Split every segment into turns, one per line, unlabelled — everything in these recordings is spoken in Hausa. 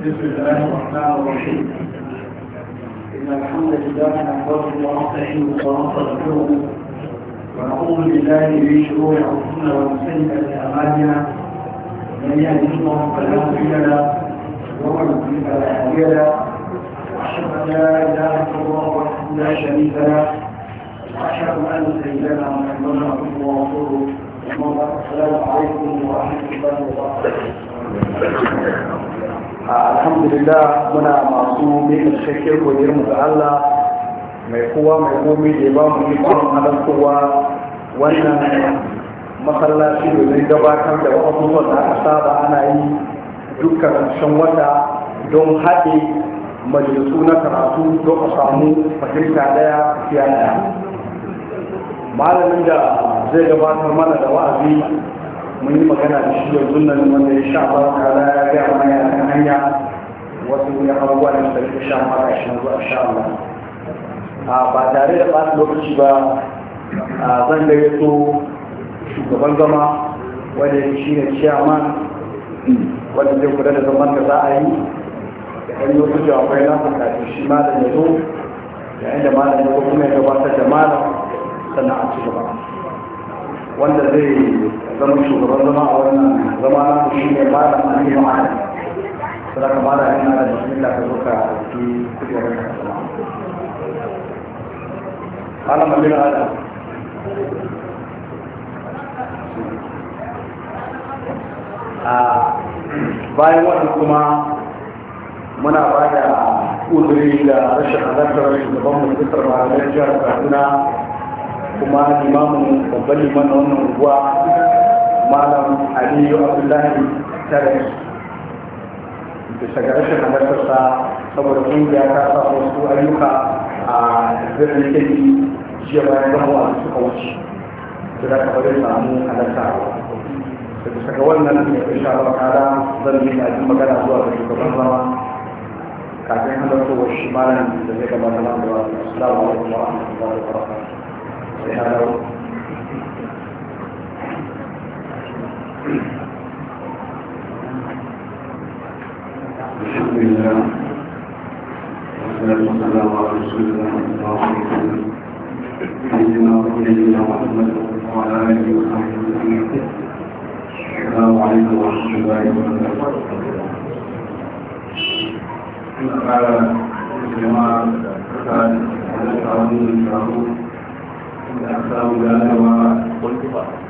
بسم الله الرحمن الرحيم إن الحمد لله نحمده ونستعينه ونستغفره ونعوذ بالله من شرور أنفسنا ومن سيئات أعمالنا من يهده الله فلا مضل له ومن يضلل فلا هادي له وأشهد أن لا إله إلا الله وحده لا شريك له وأشهد أن سيدنا محمدا عبده ورسوله السلام عليكم ورحمة الله وبركاته
alhamdulillah muna masu mai cikakken godiyar mu Allah mai kowa mai komai da ba mu ikon halartowa wannan masallaci domin gabatar da abubuwan da aka saba ana yi dukkan ƙarshen wata don haɗe majalisu na karatu don a samu fahimta ɗaya tafiya ɗaya malamin da zai gabatar mana da wa'azi mun yi magana da shi yanzu nan wanda ya sha ba da ya ga mana ya kan hanya wasu ya abubuwa da suka rika sha ma ga shi zuwa sha Allah a ba tare da ɓata lokaci ba zan a zan so shugaban zama wanda ya shi ne ciyama wanda zai kula da zaman da za a yi da ɗan yi wasu jawabai na da shi da ya zo yayin da malam ya kuma ya gabatar da malam sannan a ci gaba wanda zai zama shugaban zama a wannan zama na shi ne ba da mani ba a
su da kama da yana
da bismillah ka zo ka ki kujerar ka zama
ana mallin adam
a bayan wannan kuma muna ba da uzuri da rashin halartar shugaban majalisar malamai jihar kaduna kuma limamin babban liman na wannan unguwa malam aliyu abdullahi tare bisa ga rashin halartarsa saboda kungiya ta sa wasu ayyuka a birnin shi. jiya bayan zama wasu suka wuce su da kamar samu halarta da daga wannan ne fi shafa kada zan yi magana zuwa ga shugaban zama kafin halartowar shi malam da zai gabata na da wasu assalamu wani wa rahmatullahi wa barakatuh sai wani
الحمد لله والصلاة والسلام على رسول الله صلى الله عليه وسلم سيدنا محمد وعلى آله وصحبه أجمعين السلام عليكم ورحمة الله وبركاته جماعة السلام عليكم ورحمة الله وبركاته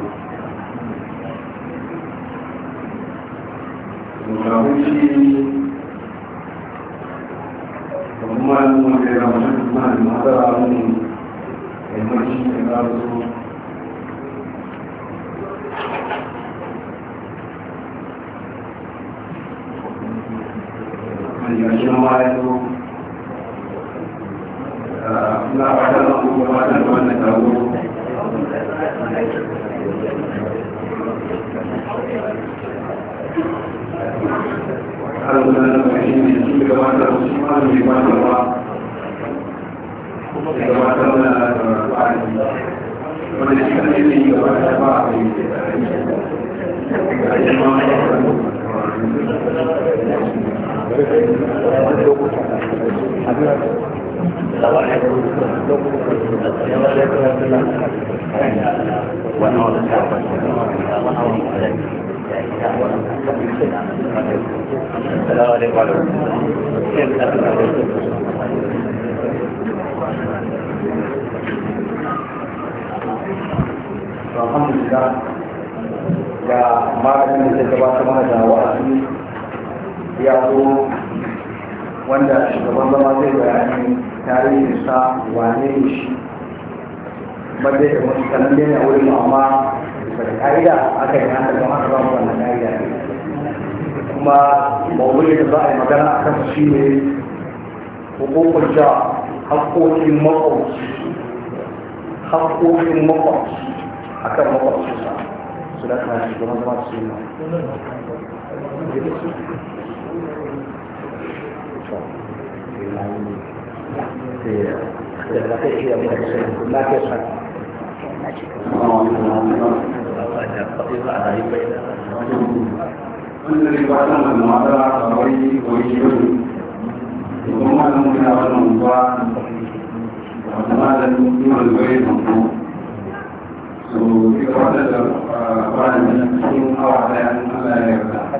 domin shi kuma malamin wanda ya kuma da mata ramun yammaci da ramun
فيه حقوق الجار حقوق في المطر حقوق في المطر حتى المطر في
الساعة سلاك ما يجب أن نرى السلام Thank you. wanda ne ba san wannan matsala ba wai wai shi bane kuma mu yana wannan unguwa wanda malamin mu yana zuwa yin hanko so ita da kwanan cikin awa daya in Allah ya yarda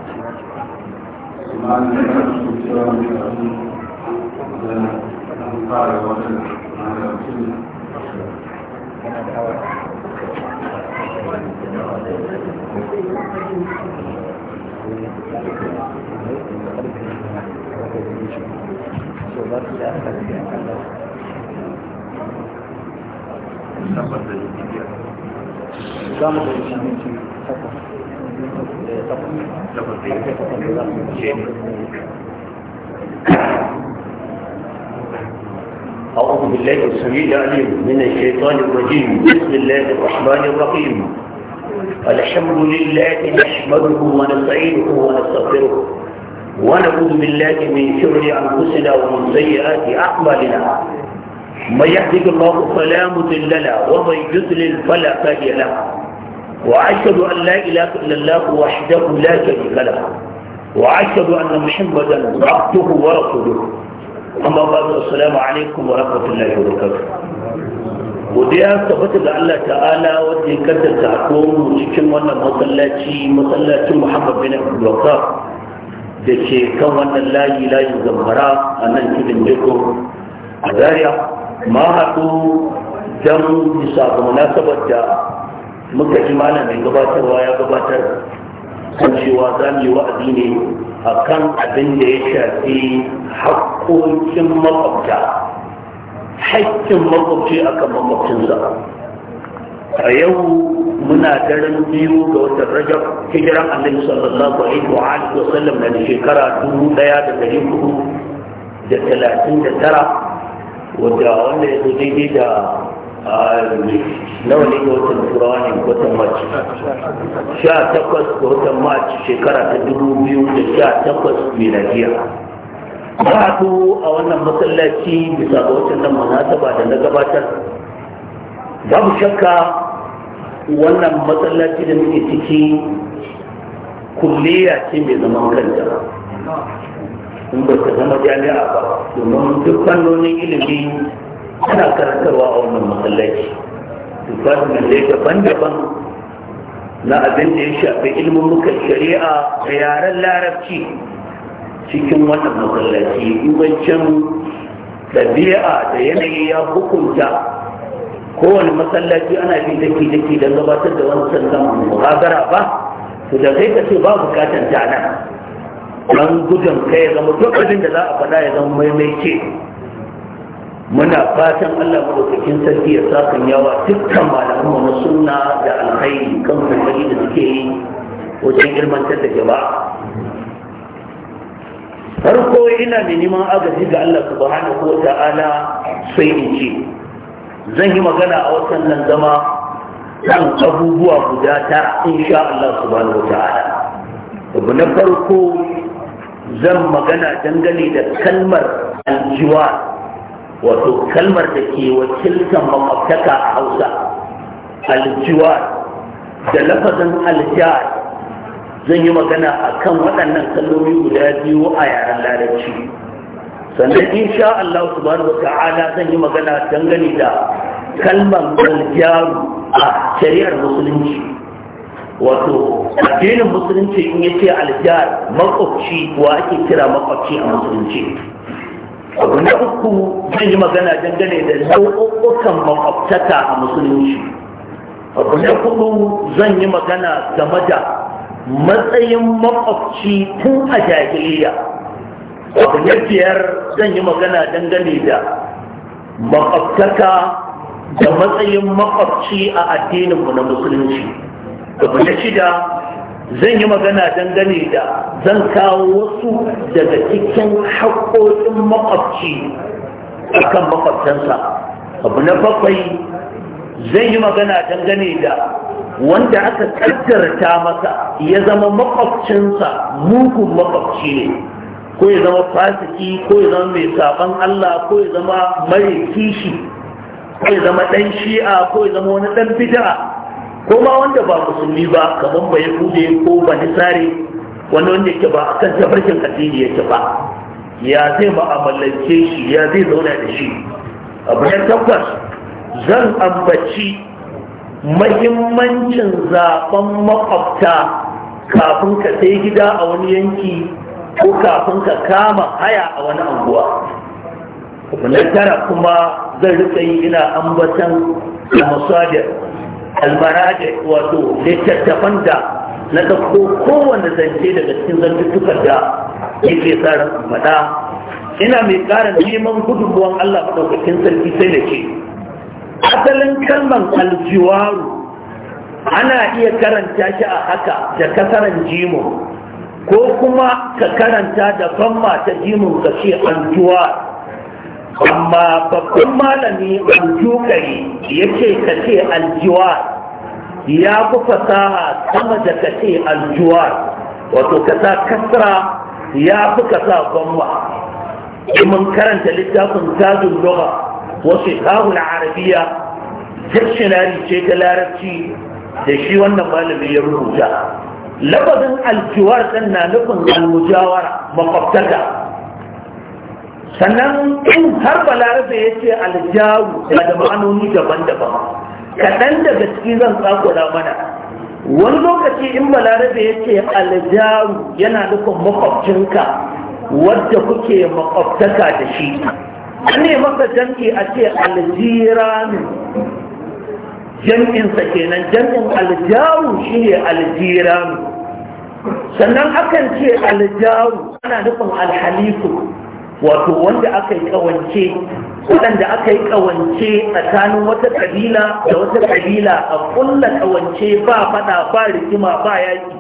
ya cewa da أعوذ
بالله السميع العليم من الشيطان الرجيم بسم الله الرحمن الرحيم
الحمد لله نحمده ونستعينه ونستغفره ونعوذ بالله من شر أنفسنا ومن سيئات أعمالنا من يهدك الله فلا مضل له ومن يضلل فلا هادي له وأشهد أن لا إله إلا الله وحده لا شريك له وأشهد أن محمدا عبده ورسوله أما بعد السلام عليكم ورحمة الله وبركاته godiya tabbata ga Allah ta'ala wanda ya kaddata a
cikin wannan masallaci masallacin Muhammad bin Abdul da ke kan wannan layi layi zamfara a nan cikin jiko a zariya
ma haɗu don bisa ga munasabar da muka ji malam
mai gabatarwa ya gabatar kan cewa za mu yi wa'azi ne a kan abin da ya shafi haƙƙoƙin maƙwabta haƙƙin
maƙwabci akan maƙwabcinsa a yau muna daren biyu ga watan rajab hijiran annabi sallallahu alaihi wa alihi wa sallam na shekara dubu daya da dari hudu da talatin da tara wanda wanda ya zo daidai da nawa ne ga watan turawa ne watan march sha takwas ga watan march shekara ta dubu biyu da sha takwas miladiya ba a wannan masallaci bisa ga watan nan munasaba da na gabatar babu shakka wannan matsalaci da muke ciki kulliya ce mai zaman kanta in ba ta zama jami'a ba domin duk fannonin ilimi ana karantarwa a wannan matsalaci department da daban-daban na abin da ya shafi ilimin muka shari'a da yaren larabci cikin wannan matsalaci ibancin ɗabi'a da yanayi ya hukunta kowane masallaci ana bi daki daki don gabatar da wani mu gagara ba to da sai ka ce ba bukatar ta nan don gudun kai ya zama da za a faɗa ya zama maimaice muna fatan Allah madaukakin sarki ya sa yawa dukkan malaman mu sunna da alkhairi kan kokari da suke yi wajen ilmantar da jama'a farko ina da neman agaji ga Allah subhanahu wa ta'ala sai in ce zan yi magana a watan nan zama kan abubuwa guda tara insha Allah subhanahu wa ta'ala abu na farko zan magana dangane da kalmar aljiwa wato kalmar da ke wakiltar makwabtaka a hausa aljiwa da lafazin aljihar zan yi magana a kan waɗannan kalmomi guda biyu a yaren larabci sannan insha Allah subhanahu wa ta'ala zan yi magana dangane da kalmar aljaru a shari'ar musulunci wato addinin musulunci in yace aljar makwabci wa ake kira makwabci a musulunci abu na uku zan yi magana dangane da nau'ukan makwabtaka a musulunci abu na hudu zan yi magana game da matsayin makwabci tun a jahiliya wato na biyar zan yi magana dangane da makwabtaka da matsayin makwabci a addininmu na musulunci abu na shida zan yi magana dangane da zan kawo wasu daga cikin haƙoƙin makwabci a kan makwabtansa abu na bakwai zan yi magana dangane da wanda aka kaddarta masa ya zama makwabcinsa mugun makwabci ne ko ya zama fasiki ko ya zama mai saban Allah ko ya zama mai kishi ko ya zama dan shi'a ko ya zama wani dan bid'a ko ma wanda ba musulmi ba kaman bai kude ko ba nisari wani wanda yake ba akan tabarkin addini yake ba ya zai ma'amalance shi ya zai zauna da shi abu ya tabbas zan ambaci mahimmancin zaben makwabta kafin ka sai gida a wani yanki ko kafin ka kama haya a wani anguwa na tara kuma zai rika yi ina ambatan al-masajir almaraje wato littattafan da na ɗauko kowane zance daga cikin tukar da yake tsarin faɗa ina mai ƙara neman gudunmuwan Allah maɗaukakin sarki sai da ke. asalin kalman aljiwaru ana iya karanta shi a haka da kasaran jimo ko kuma ka karanta da famma ta jimin ka ce an amma babban malami an ya ce ka ce aljuwa ya fi fasaha sama da ka ce aljuwa wato ka sa kasra ya fi ka sa famma mun karanta littafin tajin lugha wasu kahun arabiya dictionary ce ta larabci da shi wannan malami ya rubuta lafazin aljiwar ɗin na nufin almujawara makwabtaka sannan in har balarabe ya ce aljawu da ma'anoni daban-daban kaɗan daga ciki zan tsakura mana wani lokaci in balarabe ya ce aljawu yana nufin makwabcinka wadda kuke makwabtaka da shi ne masa jam'i a ce aljirani jam'insa kenan jam'in aljawu shine aljiranu sannan akan ce aljawu ana nufin alhaliku
wato wanda
aka yi kawance waɗanda aka yi kawance tsakanin wata ƙabila da wata ƙabila a kulla kawance ba faɗa ba rikima ba yaki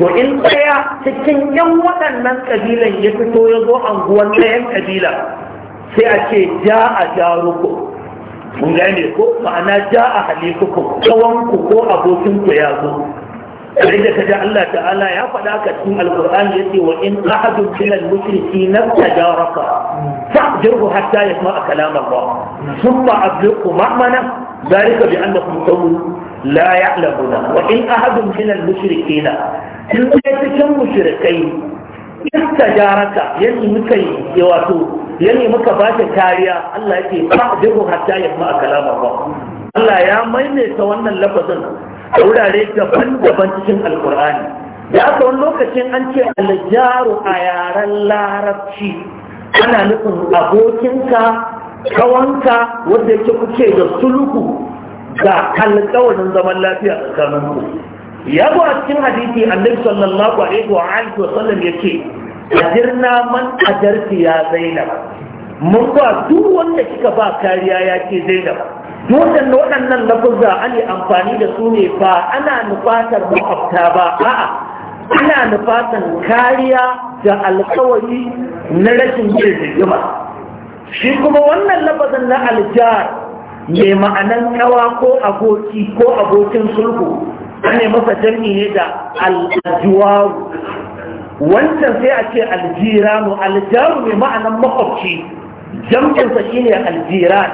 to in ɗaya cikin yan waɗannan ƙabilan ya fito ya zo anguwan ɗayan ƙabila, sai a ce ja a jaruku mun gane ko ma'ana ja a halikukum kawanku ko abokinku ya zo kare da kaji Allah ta'ala ya faɗa ka cikin alkur'ani yace wa in ahadun min al-mushriki naftajaraka fa'jirhu hatta yasma'a kalam Allah thumma ablighu ma'mana dhalika bi annakum qawmun la ya'lamuna wa in ahadun min al-mushrikina in kai cikin mushrikai iska jaraka yanni muka yi wato yanni muka ba kariya Allah yake ba duhu hatta ya ma kalama ba Allah ya maimaita wannan lafazin a wurare daban-daban cikin alkur'ani da aka wani lokacin an ce aljaru a yaren larabci ana nufin abokinka kawanka wanda yake kuke da sulhu ga alƙawarin zaman lafiya tsakaninku ya zo a cikin hadisi annabi sallallahu alaihi wa alihi wa sallam yace ajirna man ajarti ya zainab mun ba duk wanda kika ba kariya ya ce zainab duk waɗannan waɗannan lafuzza ali amfani da su ne ba ana nufatar makwabta ba a'a ana nufatar kariya da alkawari na rashin yin rigima shi kuma wannan lafazin na aljar mai ma'anan kawa ko aboki ko abokin sulhu an ne masa jami ne da al'ajuwaru wancan sai a ce aljiranu aljaru mai ma'anan makwabci jam'insa shi ne aljiran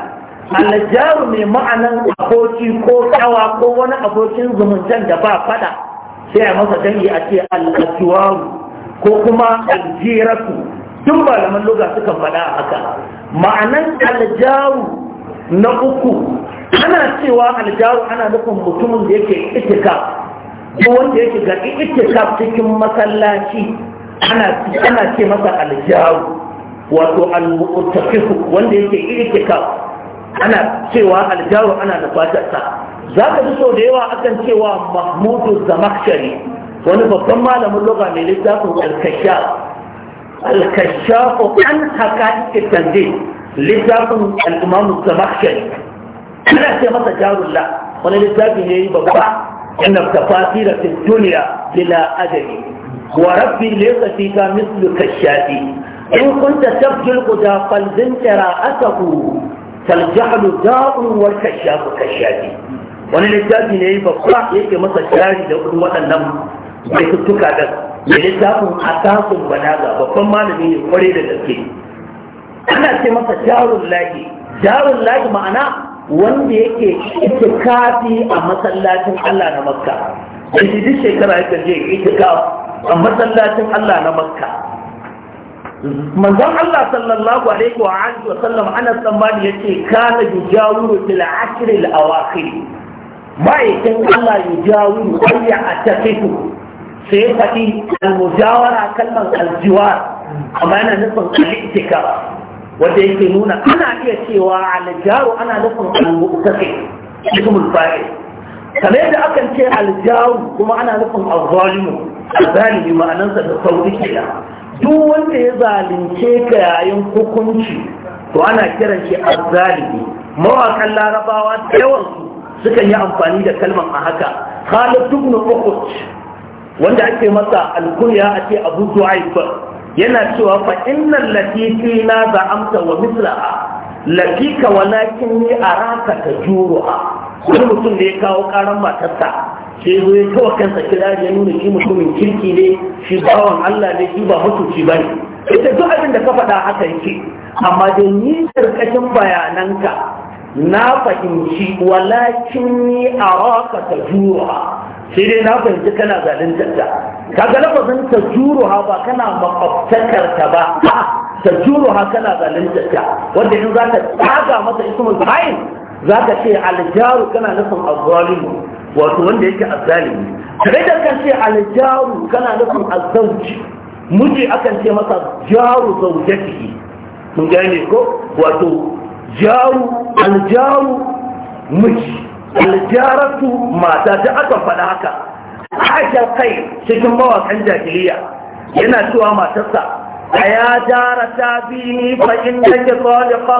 aljaru mai ma'anan aboki ko kawa ko wani abokin zumuntan da ba fada sai a masa jami a ce ko kuma aljiratu tun malaman loga suka fada haka ma'anan aljaru na uku ana cewa aljaru ana nufin mutumin da yake itikaf ko wanda yake ga itikaf cikin masallaci ana ce masa aljaru wato al-mu'taqifu wanda yake itikaf ana cewa aljaru ana nufatarsa za ka ji sau da yawa akan cewa mahmudu zamakshari wani babban malamin loga mai littafin alkasha alkasha ko an haka ita tanzil littafin al'imamu samakshari ana ce masa jarulla wani littafi ne babba inna tafasira fi duniya bila ajali wa rabbi laysa fi ka mislu kashati in kunta tabjul quda falzin qira'atahu fal jahlu da'u wa kashafu kashati wani littafi ne babba yake masa jari da waɗannan bai tuttuka da littafin asasun balaga babban malami ne kware da gaske ana ce masa jarun lahi jarun lahi ma'ana wanda yake itikafi a masallacin Allah na makka shi duk shekara yake je itikafi a masallacin Allah na makka manzon Allah sallallahu alaihi wa alihi wa sallam ana tsammani yace kana yujawiru til ashr al awakhir kin Allah ya yujawiru ayya atafiku sai fadi al mujawara kalman al jiwar amma yana nufin al itikafi wanda yake nuna ana iya cewa aljaru ana nufin al-muttaqi ismul fa'il kamar yadda akan ce aljaru kuma ana nufin al-zalimu al-zalimi ma'anansa da sauki kenan duk wanda ya zalunce ka yayin hukunci to ana kiran shi al-zalimi mawakan larabawa da yawan sukan yi amfani da kalmar a haka Khalid ibn Uqut wanda ake masa alkunya ake Abu Du'ayb yana cewa fa innal latifi na za amta wa mislaha latika walakin ni araka ta juru'a wani mutum da ya kawo karan matarsa sai zo ya kawo kansa kira ya nuna shi mutumin kirki ne shi bawan Allah ne shi ba mutunci bane ita duk abin da ka faɗa haka yake amma dai ni karkashin bayananka na fahimci walakin ni a raka ta jura sai dai na fahimci kana zaluntar Ka ga lafazin ta juruha ba kana makwabtakar ta ba ta juruha kana zaluntar ta wanda in za ka tsaga masa ismul bayin za ka ce aljaru kana nufin azzalimu wato wanda yake azzalimi sai da kan ce aljaru kana nufin azzauji miji akan ce masa jaru zaujatihi mun gane ko wato jaru aljaru miji aljaratu mata da aka faɗa haka hakan kai cikin mawakan jahiliya yana cewa matarsa a ya jara ta bini fa in nake tsalifa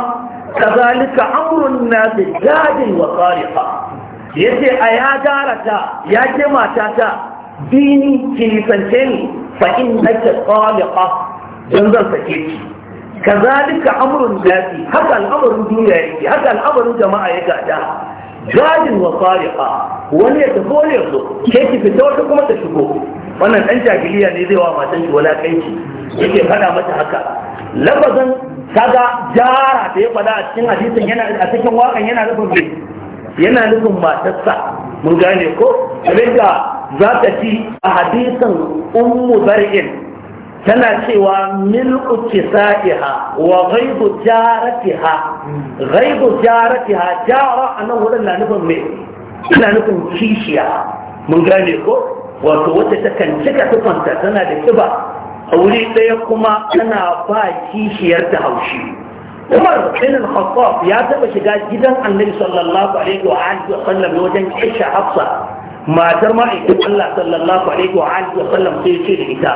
kazalika amrun na da gadin wa ya yace a ya jara ta ya matata bini ki nisance ni fa in nake don zan sake ki kazalika amrun dafi haka al'amarin duniya yake haka al'amarin jama'a ya gada gadin wa fariqa wani ya tafi wani ya zo ke ki fita wata kuma ta shigo wannan dan jahiliya ne zai wa matan shi wala kai yake fada mata haka lafazan kaga jara da ya fada a cikin hadisin yana a cikin wakan yana nufin yana nufin matarsa mun gane ko rinka za ka ci a hadisin ummu zar'in tana cewa milku kisa'iha wa ghaibu jaratiha ghaibu jaratiha jara anan wurin na nufin mai ina nufin kishiya mun gane ko wato wata ta kan cika tufanta tana da kiba a wuri ɗaya kuma tana ba kishiyar ta haushi Umar bin al-Khattab ya taba shiga gidan Annabi sallallahu alaihi wa alihi wa sallam wajen Aisha Hafsa matar ma'aikatan Allah sallallahu alaihi wa alihi wa sallam sai ce da ita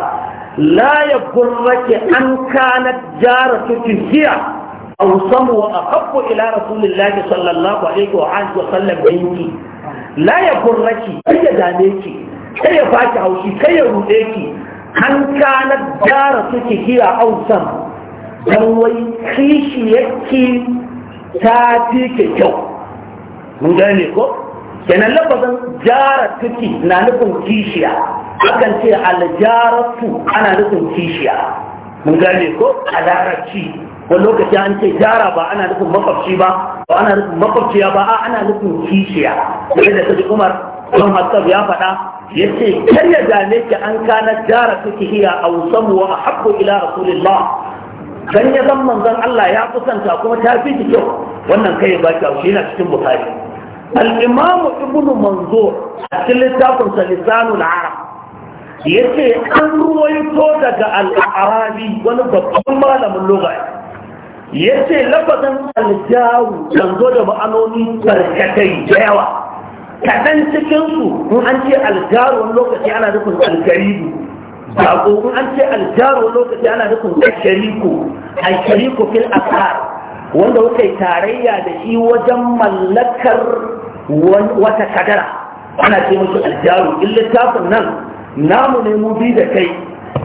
la ya gurrake an kana jara tukin hiya a musamman wa ahabbu ila rasulillahi sallallahu alaihi wa alihi wa sallam la ya gurrake kai ya dame ki ya baki haushi ka ya rude ki an kana jara tukin hiya a musamman dan wai ta fi kyau mun ko kenan lafazin tuki na nufin kishiya akan ce aljaratu ana nufin kishiya mun gane ko a larabci wani lokaci an ce jara ba ana nufin makwabci ba ba ana nufin makwabciya ba a ana nufin kishiya daga da kaji umar don hassab ya faɗa ya ce kar ya dame ki an kana jara tuki hiya a usamu wa a ila rasulillah dan ya zan Allah ya kusanta kuma ta fi kyau wannan kai ba ki shi yana cikin bukari al'imamu ibn manzo a cikin littafinsa lisanul arab ya ce an ruwaito daga al'arabi wani babban malamin lugha ya ce lafazin aljawu kan zo da ma'anoni tarkatai da yawa kaɗan cikinsu in an ce aljaru lokaci ana nufin alkaribu ba in an lokaci ana fil wanda kuka yi tarayya da shi wajen mallakar wata kadara ana ce musu aljaru in littafin nan namu ne mu bi da kai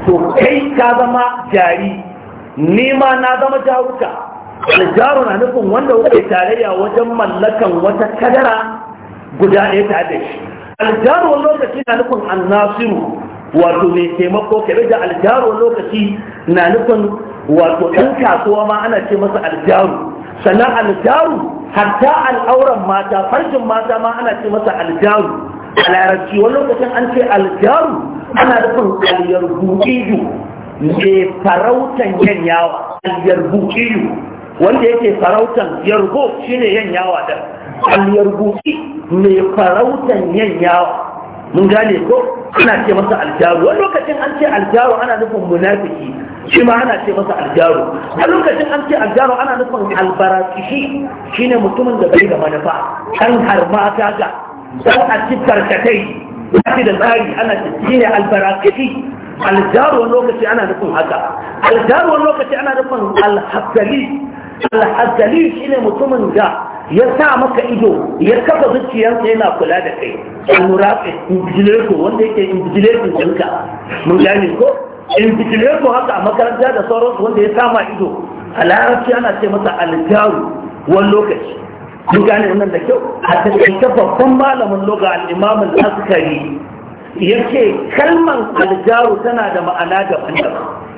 to kai ka zama jari nema na zama jaruka aljaru na nufin wanda kuka yi tarayya wajen mallakan wata kadara guda ɗaya ta da shi aljaru wani lokaci na nufin annasiru wato mai taimako kebe da aljaru wani lokaci na nufin wato ɗan kasuwa ma ana ce masa aljaru sannan aljaru hatta al'auran mata farjin mata ma ana ce masa aljaru a larabci wani lokacin an ce aljaru ana nufin aliyar iyu ne farautan 'yan yawa aliyar iyu wanda yake farautan yargo shine yawa da buɗi ne farautan 'yan yawa. mun gane ko ana ce masa aljaru wani lokacin an ce aljaru ana nufin munafiki shi ma ana ce masa aljaru a lokacin an ce aljaru ana nufin albarakishi shine mutumin da bai da manufa an harma ta ga dan a ci barkatai ba da tsari ana ce shine albarakishi aljaru wani lokaci ana nufin haka aljaru wani lokaci ana nufin alhassali alhazali shi ne mutumin da ya sa maka ido ya kafa zuciyarsa yana kula da kai in invigilator wanda yake invigilator ɗinka mun gane ko invigilator haka a makaranta da sauransu wanda ya sama ido a larabci ana ce masa aljaru wani lokaci mun gane wannan da kyau a cikin babban malamin loga al'imam askari, ya ce kalman aljaru tana da ma'ana daban-daban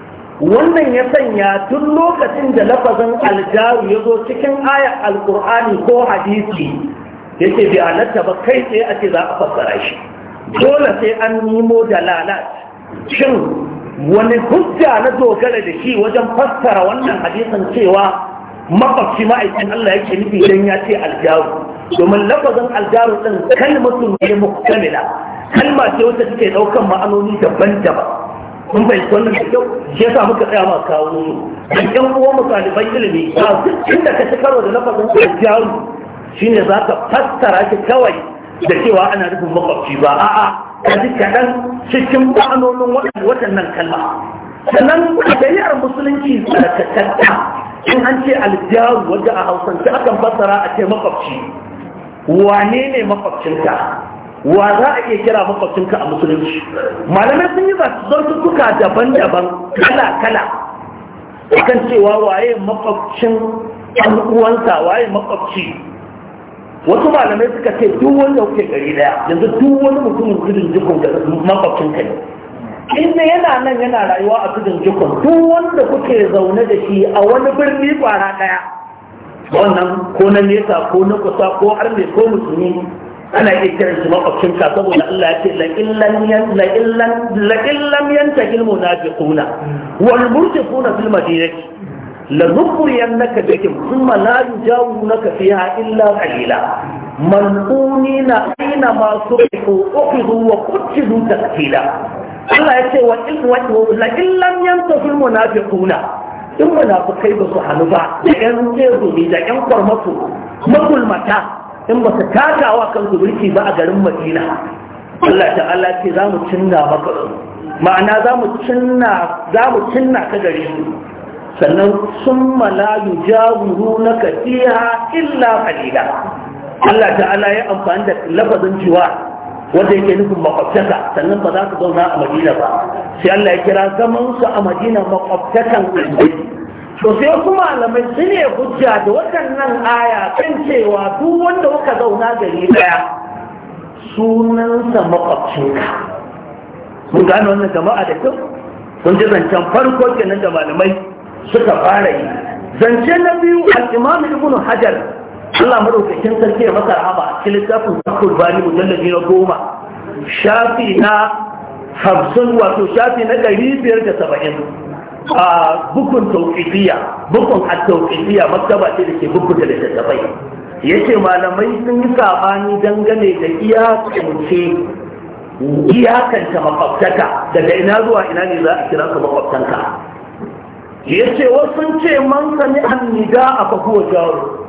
wannan ya sanya tun lokacin da lafazin aljaru ya zo cikin ayar alkur'ani ko hadisi yake bi alatta ba kai tsaye ake za a fassara shi dole sai an nemo da lalat shin wani hujja na dogara da shi wajen fassara wannan hadisin cewa mafafci ma'aikin Allah yake nufi idan ya ce aljaru domin lafazin aljaru din kalmatu ne muktamila kalma ce wata take ɗaukan ma'anoni daban-daban mun bai wannan da kyau shi yasa muka tsaya ma kawo mu. dan ƴan uwa mu ɗaliban ilimi a duk inda ka ci karo da lafazin shi shine za ka fassara shi kawai da cewa ana rufin makwabci ba a'a ka ji kaɗan cikin kwanonin waɗannan kalma sannan a musulunci tsarkakatta in an ce aljaru wajen a hausance akan fassara a ce makwabci wane ne makwabcinka wa za a iya kira makwabcinka a musulunci malamai sun yi zartukuka daban-daban kala-kala akan cewa waye makwabcin ɗan uwansa waye makwabci wasu malamai suka ce duk wanda kuke gari daya yanzu duk wani mutumin gudun jikon da makwabcin ka ne inda yana nan yana rayuwa a gudun jikon? duk wanda kuke zaune da shi a wani birni kwara daya wannan ko na nesa ko na kusa ko har mai ko musulmi ana iya kiran shi makwabcinka saboda Allah ya ce la illam yanta ilmu na fi kuna wal murti kuna fil madinati la zukuriyan naka bikin kuma la yujawu naka fiha illa qalila mal'uni na aina masu ko ukhidhu wa qutilu taqtila Allah ya ce wa la illam yanta fil munafiquna in munafikai ba su hannu ba da yan tsegumi da yan kwarmatu makulmata in ba ka takawa kan birki ba a garin madina Allah ta'ala ce za mu cinna maka ma'ana za mu cinna ka gare sannan sun malayu jawuru na kasiha illa kalila Allah ta'ala ya amfani da lafazin jiwa wanda yake nufin makwabtaka sannan ba za su zauna a madina ba sai Allah ya kira zaman su a madina makwabtakan to sai kuma malamai su ne hujja da waɗannan aya kan cewa duk wanda kuka zauna gari daya sunansa makwabcinka mun gane wannan jama'a da kyau kun ji zancen farko kenan da malamai suka fara yi zance na biyu al-imam ibn hajar Allah madaukakin sarki ya masa rahama a cikin littafin Zakul Bani mujallabi na goma shafi na 50 wato shafi na bukun tauƙiƙiya bukun a tauƙiƙiya maktaba ce da ke bukun da littattafai. ya ce malamai sun yi saɓani dangane da iyakance iyakanta makwabtaka daga ina zuwa ina ne za a kira ka makwabtanka ya ce wasu ce man sami annida a fahuwa jawo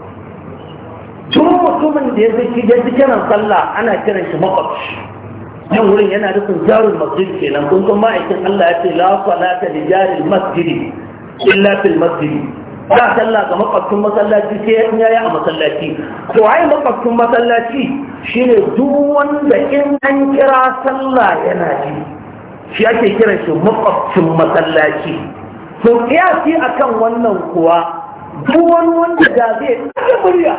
tun mutumin da ya fi kiran sallah ana kiran shi makwabci nan wurin yana nufin jarul masjid kenan kun san ma'aikin Allah ya ce la salata li jaril masjid illa fil masjid ba sallah ga makwabcin masallaci sai in yayi a masallaci to ai makwabcin masallaci shine duk wanda in an kira sallah yana ji shi ake kiran shi makwabcin masallaci to kiyasi akan wannan kuwa duk wani wanda da zai murya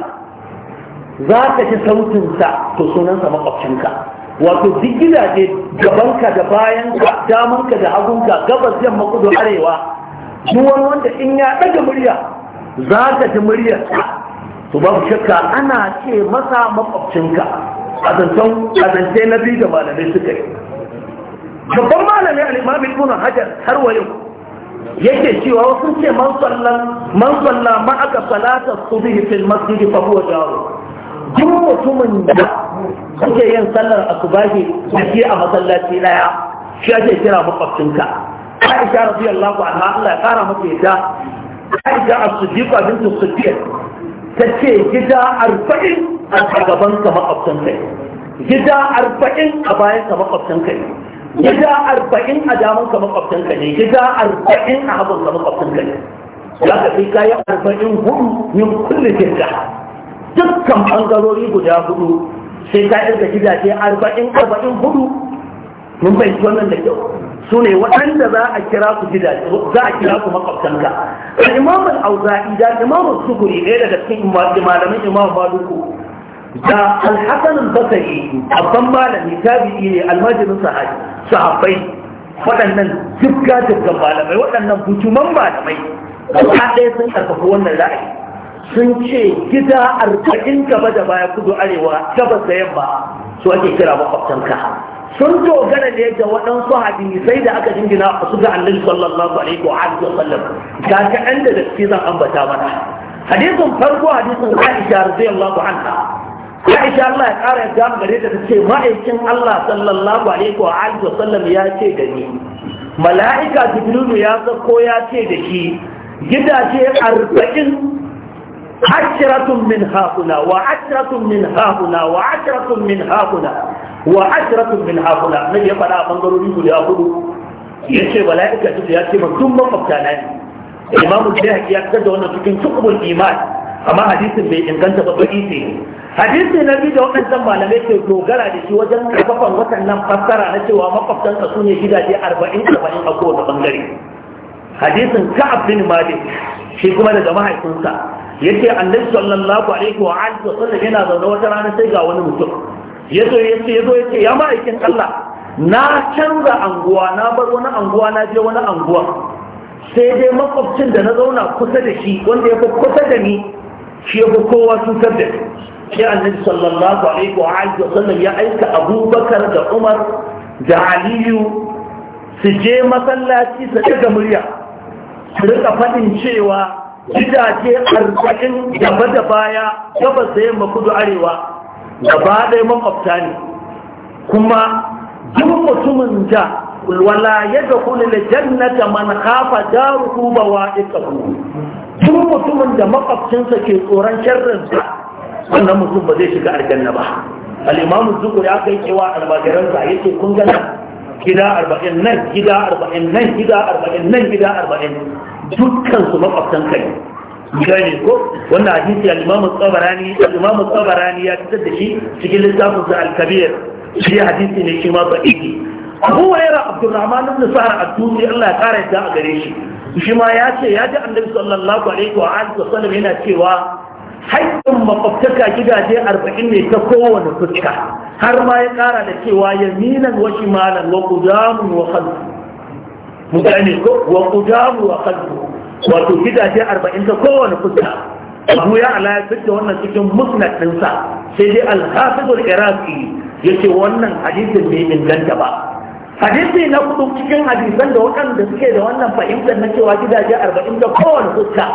za ka ji sautinsa to sunansa makwabcinka wato duk gidaje gabanka da bayanka damanka da hagunka gabas yamma kudu arewa duk wani wanda in ya ɗaga murya za ka ji murya to babu shakka ana ce masa makwabcinka a zance na biyu da malamai suka yi babban malami al'imami tunan hajar har wa yau yake cewa wasu ce man salla man salla ma aka su bihi fil masjid fa huwa jaru duk mutumin da suke yin sallar asubahi da ke a masallaci daya shi ake kira makwabcinka Aisha radiyallahu anha Allah ya kara mata yadda Aisha as-Siddiqa bint as-Siddiq tace gida 40 a gaban ka makwabcin kai gida 40 a bayan ka makwabcin kai gida 40 a daman ka makwabcin kai ne gida 40 a hagun ka makwabcin kai Ya ka fi kayi 40 hudu min kulli jirga dukkan bangarori guda hudu sai ka irga gidaje arba'in arba'in hudu mun bai wannan da kyau su ne waɗanda za a kira ku gidaje za a kira makwabtan ga da imamul auza'i da imamul sukuri ɗaya daga cikin malamin imam baluku da alhassan al-basri babban malami tabi'i ne almajirin sahabi sahabbai waɗannan dukkan malamai waɗannan bujuman malamai gaba ɗaya sun ƙarfafa wannan ra'ayi sun ce gida arba'in gaba da baya kudu arewa gabas da yamma su ake kira makwabtanka sun dogara ne da waɗansu hadisai da aka jingina su ga annabi sallallahu alaihi wa alihi wasallam ga ta ɗan da gaske zan ambata mana hadisin farko hadisin Aisha radiyallahu anha Aisha Allah ya ƙara yadda gare ta ce ma'aikin Allah sallallahu alaihi wa alihi ya ce da ni mala'ika Jibrilu ya sako ya ce da shi gidaje arba'in عشرة من هؤلاء وعشرة من هؤلاء وعشرة من هؤلاء وعشرة من هؤلاء من يفعل بنغروري كل أبوه yace mala'ika duk ya ce mutum makwabta na ne imamu ya fitar da wannan cikin tukubul iman amma hadisin bai inganta ba ba ise hadisi na biyu da waɗancan malamai ke dogara da shi wajen watan nan fassara na cewa makwabtansa su ne gidaje arba'in arba'in a kowane bangare hadisin ka'ab bin malik shi kuma daga mahaifinsa yace annabi sallallahu alaihi wa alihi wasallam yana zaune wata rana sai ga wani mutum yazo yace yazo yace ya ma'aikin Allah na canza anguwa na bar wani anguwa na je wani anguwa sai dai makwabcin da na zauna kusa da shi wanda ya fi kusa da ni shi ya fi kowa cutar da shi annabi sallallahu alaihi wa alihi wasallam ya aika abubakar da umar da aliyu su je masallaci su daga murya su rika faɗin cewa gidaje arba'in gaba da baya gaba sai yamma kudu arewa gaba ɗaya makwabta ne kuma duk mutumin da wala ya da kuli da jannata man kafa daru ba wa ita duk mutumin da makwabcinsa ke tsoron sa wannan mutum ba zai shiga aljanna ba al'imamu zukur ya kai cewa sa yake kun gana gida arba'in nan gida arba'in nan gida arba'in nan gida arba'in dukkan su makwabtan kai gane ko wannan hadisi al-Imam al-Tabarani al-Imam al ya fitar da shi cikin littafin sa al-Kabir shi hadisi ne shi ma sahihi Abu Hurairah Abdurrahman ibn Sa'ar ad-Dusi Allah ya kare yadda a gare shi shi ma ya ce ya ji Annabi sallallahu alaihi wa alihi wa sallam yana cewa haƙƙin makwabtaka gidaje arba'in ne ta kowane fuska har ma ya ƙara da cewa yaminan wa shimalan wa qudamun wa khalfu mun gane ko wa qudamu wa wato gidaje 40 ta kowane fuska abu ya ala ya fitta wannan cikin musnad sai dai al-hafizul iraqi yace wannan hadisin bai inganta ba hadisi na kudu cikin hadisan da waɗanda suke da wannan fahimtar na cewa gidaje arba'in da kowane fuska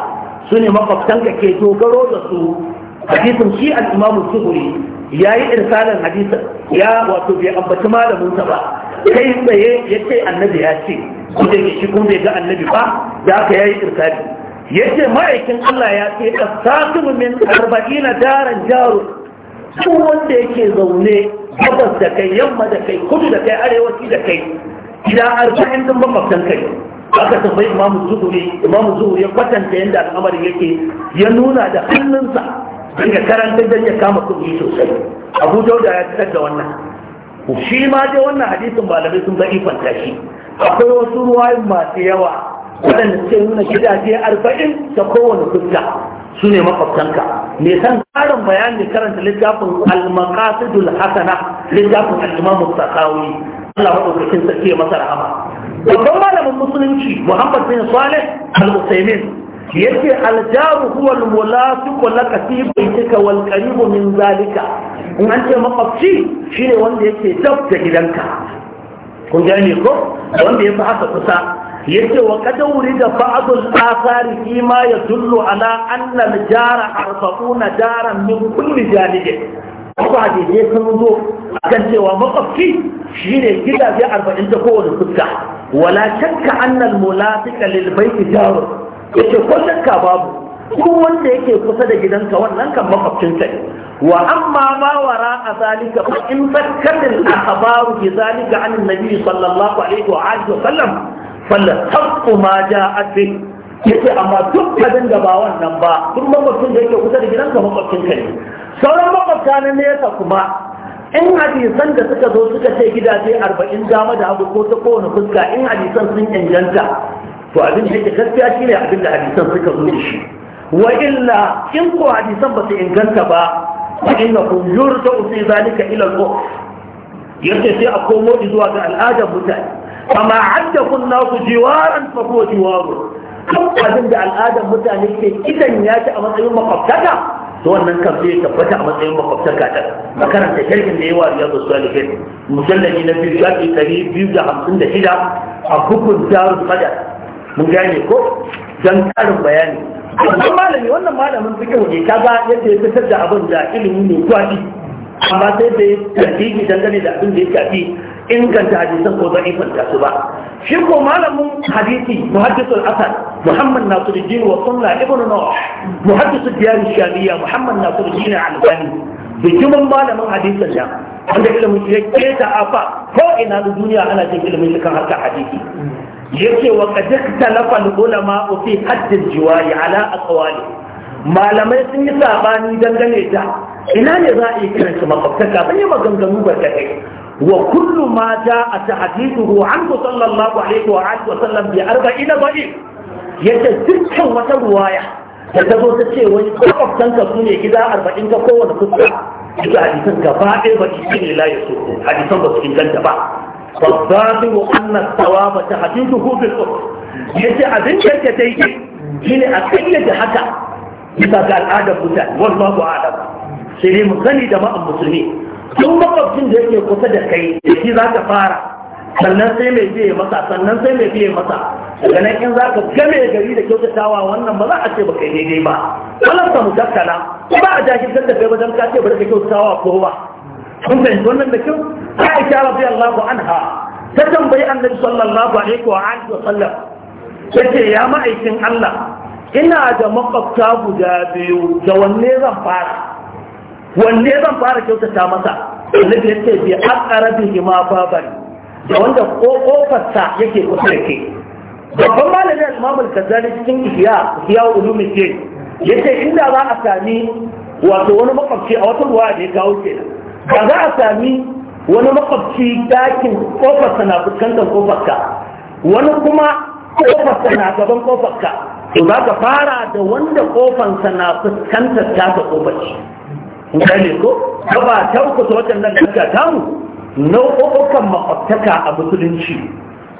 su ne makwabtanka ke dogaro da su hadisin shi al-imam ya yayi irsalan hadisin ya wato bai ambaci malamin sa ba kai tsaye yace annabi ya ce ko da shi kun bai ga annabi ba da ka yayi irsali yace ma'aikin Allah ya ce asatu min arba'ina daran jaru ko wanda yake zaune gabas da kai yamma da kai kudu da kai arewaci da kai gida arba'in din makwabtan kai aka tambayi imamu zuhuri imamu zuhuri ya kwatanta yadda al'amarin yake ya nuna da hannunsa don karanta don ya kama kuɗi sosai abu dauda ya fitar da wannan shi ma dai wannan hadisin malamai sun ga ifanta shi akwai wasu ruwayin masu yawa waɗanda suke nuna gidaje arba'in da kowane fuska su ne makwabtanka me san karin bayani karanta littafin al-maqasidul hasana littafin al-imam sakawi Allah madaukakin sarki masa rahama babban malamin musulunci Muhammad bin salih al-Utsaimin yace aljaru huwa almulafiqu laka fi baitika wal qaribu min zalika in an ce makwabci shine wanda yake dab da gidanka kun gane ko wanda ya fi haka kusa yace wa kadawri da ba'd al-athari fi ma yadullu ala anna al-jara arba'una daran min kulli janibin ko hadisi sun zo kan cewa makwabci shine gidaje 40 ta kowace fuska wala shakka anna al-mulafiqa lil bayti jarun Yake ce ko shakka babu duk wanda yake kusa da gidanka wannan kan makwabcinka ne wa amma ma wara a zalika fa in a akhbaru ke zalika an nabi sallallahu alaihi wa alihi wa sallam falla tabqu ma ja ja'at bi yace amma duk abin da ba wannan ba duk makwabcin da yake kusa da gidanka makwabcinka ne sauran makwabta na nesa kuma in hadisan da suka zo suka ce gidaje arba'in dama da hagu ko ta kowane fuska in hadisan sun inganta to abin da yake gaskiya shine abin da hadisan suka zo shi wa illa in ko hadisan ba su inganta ba fa innakum yurta'u fi zalika ila al-ukh yace sai a komo zuwa ga al'adar mutane amma addakun nasu jiwaran fa huwa jiwaru kan abin da al'adar mutane ke idan ya ci a matsayin makwabtaka to wannan kan zai tabbata a matsayin makwabtaka ta makaranta shirkin da yawa ya zo salihin musallami na biyu shafi ɗari biyu da hamsin da shida a hukun darun madar mun gane ko don karin bayani wannan malami wannan malamin suke waje ka ga yadda ya fitar da abin da ilimi ne kwaɗi amma sai da ya tafi dangane da abin da ya shafi inganta hadisan ko zai fanta su ba shi ko malamin hadisi muhaddisul asad muhammad nasiruddin wa sunna ibnu nawh muhaddisul diyar shamiya muhammad nasiruddin albani bijimin malamin hadisan nan wanda ilimin shi ya keta afa ko ina da duniya ana jin ilimin shi kan harkar hadisi yace wa qad ikhtalafa al-ulama fi haddin al-jiwari ala aqwali malamai sun yi sabani dangane da ina ne za a yi kiran shi makwabtaka ban yi maganganu ba ta kai wa kullu ma jaa tahdithuhu anhu sallallahu alaihi wa alihi wa sallam bi arba'ina ba'i Yadda dukkan wata ruwaya da ta zo ta ce wani makwabtanka su ne gida arba'in ka kowane kusa. duka hadisan gaba ɗaya ba ne la ya so hadisan ba su inganta ba فالظاهر أن الثواب تحديده بالأرض يجي أبن شركة تيجي هنا أقل حتى إذا قال آدم مثال والله أعلم سليم غني sani المسلمين ma'an musulmi tun makwabcin da yake kusa da kai da shi sannan sai mai biye masa sannan sai mai biye masa daga nan in za ka game gari da kyautatawa wannan ba za a ce ba kai daidai ba wannan samu dakkana ba a jahiltar da kai wajen ka ce bari ka kyautatawa ko ba kun fahimci wannan da kyau Aisha an ha. ta tambayi an annabi sallallahu alaihi wa alihi wa sallam ce ya ma'aikin Allah ina da makwabta guda biyu da wanne zan fara wanne zan fara kyautata masa annabi yace bi aqrabihi ma babari da wanda kofarsa yake kusa da ke babban malami al-imam al-kazali cikin ihya ihya ulumi ce yace inda za a sami wato wani makwabci a wata ruwa da ya kawo kenan ba za a sami wani makwabci dakin kofarsa na fuskantar kofarka wani kuma kofarsa na gaban kofarka to za ka fara da wanda kofarsa na fuskantar ta tasa kofarci misali ko ba ta uku ta wajen nan daga tamu nau'o'ukan makwabtaka a musulunci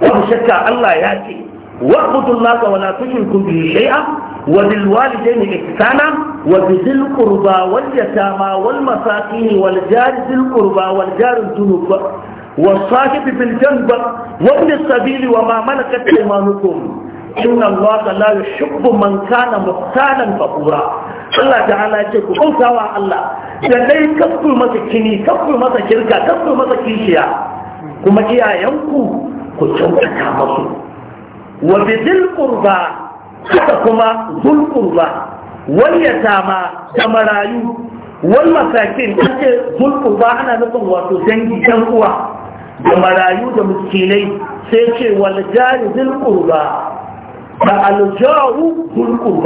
babu shakka Allah ya ce واعبدوا الله ولا تشركوا به شيئا وبالوالدين إحسانا وبذي القربى واليتامى والمساكين والجار ذي القربى والجار الجنوب والصاحب بالجنب وابن السبيل وما ملكت أيمانكم إن الله لا يحب من كان مختالا فخورا Allah ta'ala ce ku kautawa Allah da dai kafur masa kini kafur masa kirka kafur masa kishiya kuma iyayenku ku kyautata masu wa bi kuma dhul qurba wal yatama da marayu wal masakin kace dhul ana nufin wato dangi ɗan uwa da marayu da miskinai sai ce wal jari da al jaru dhul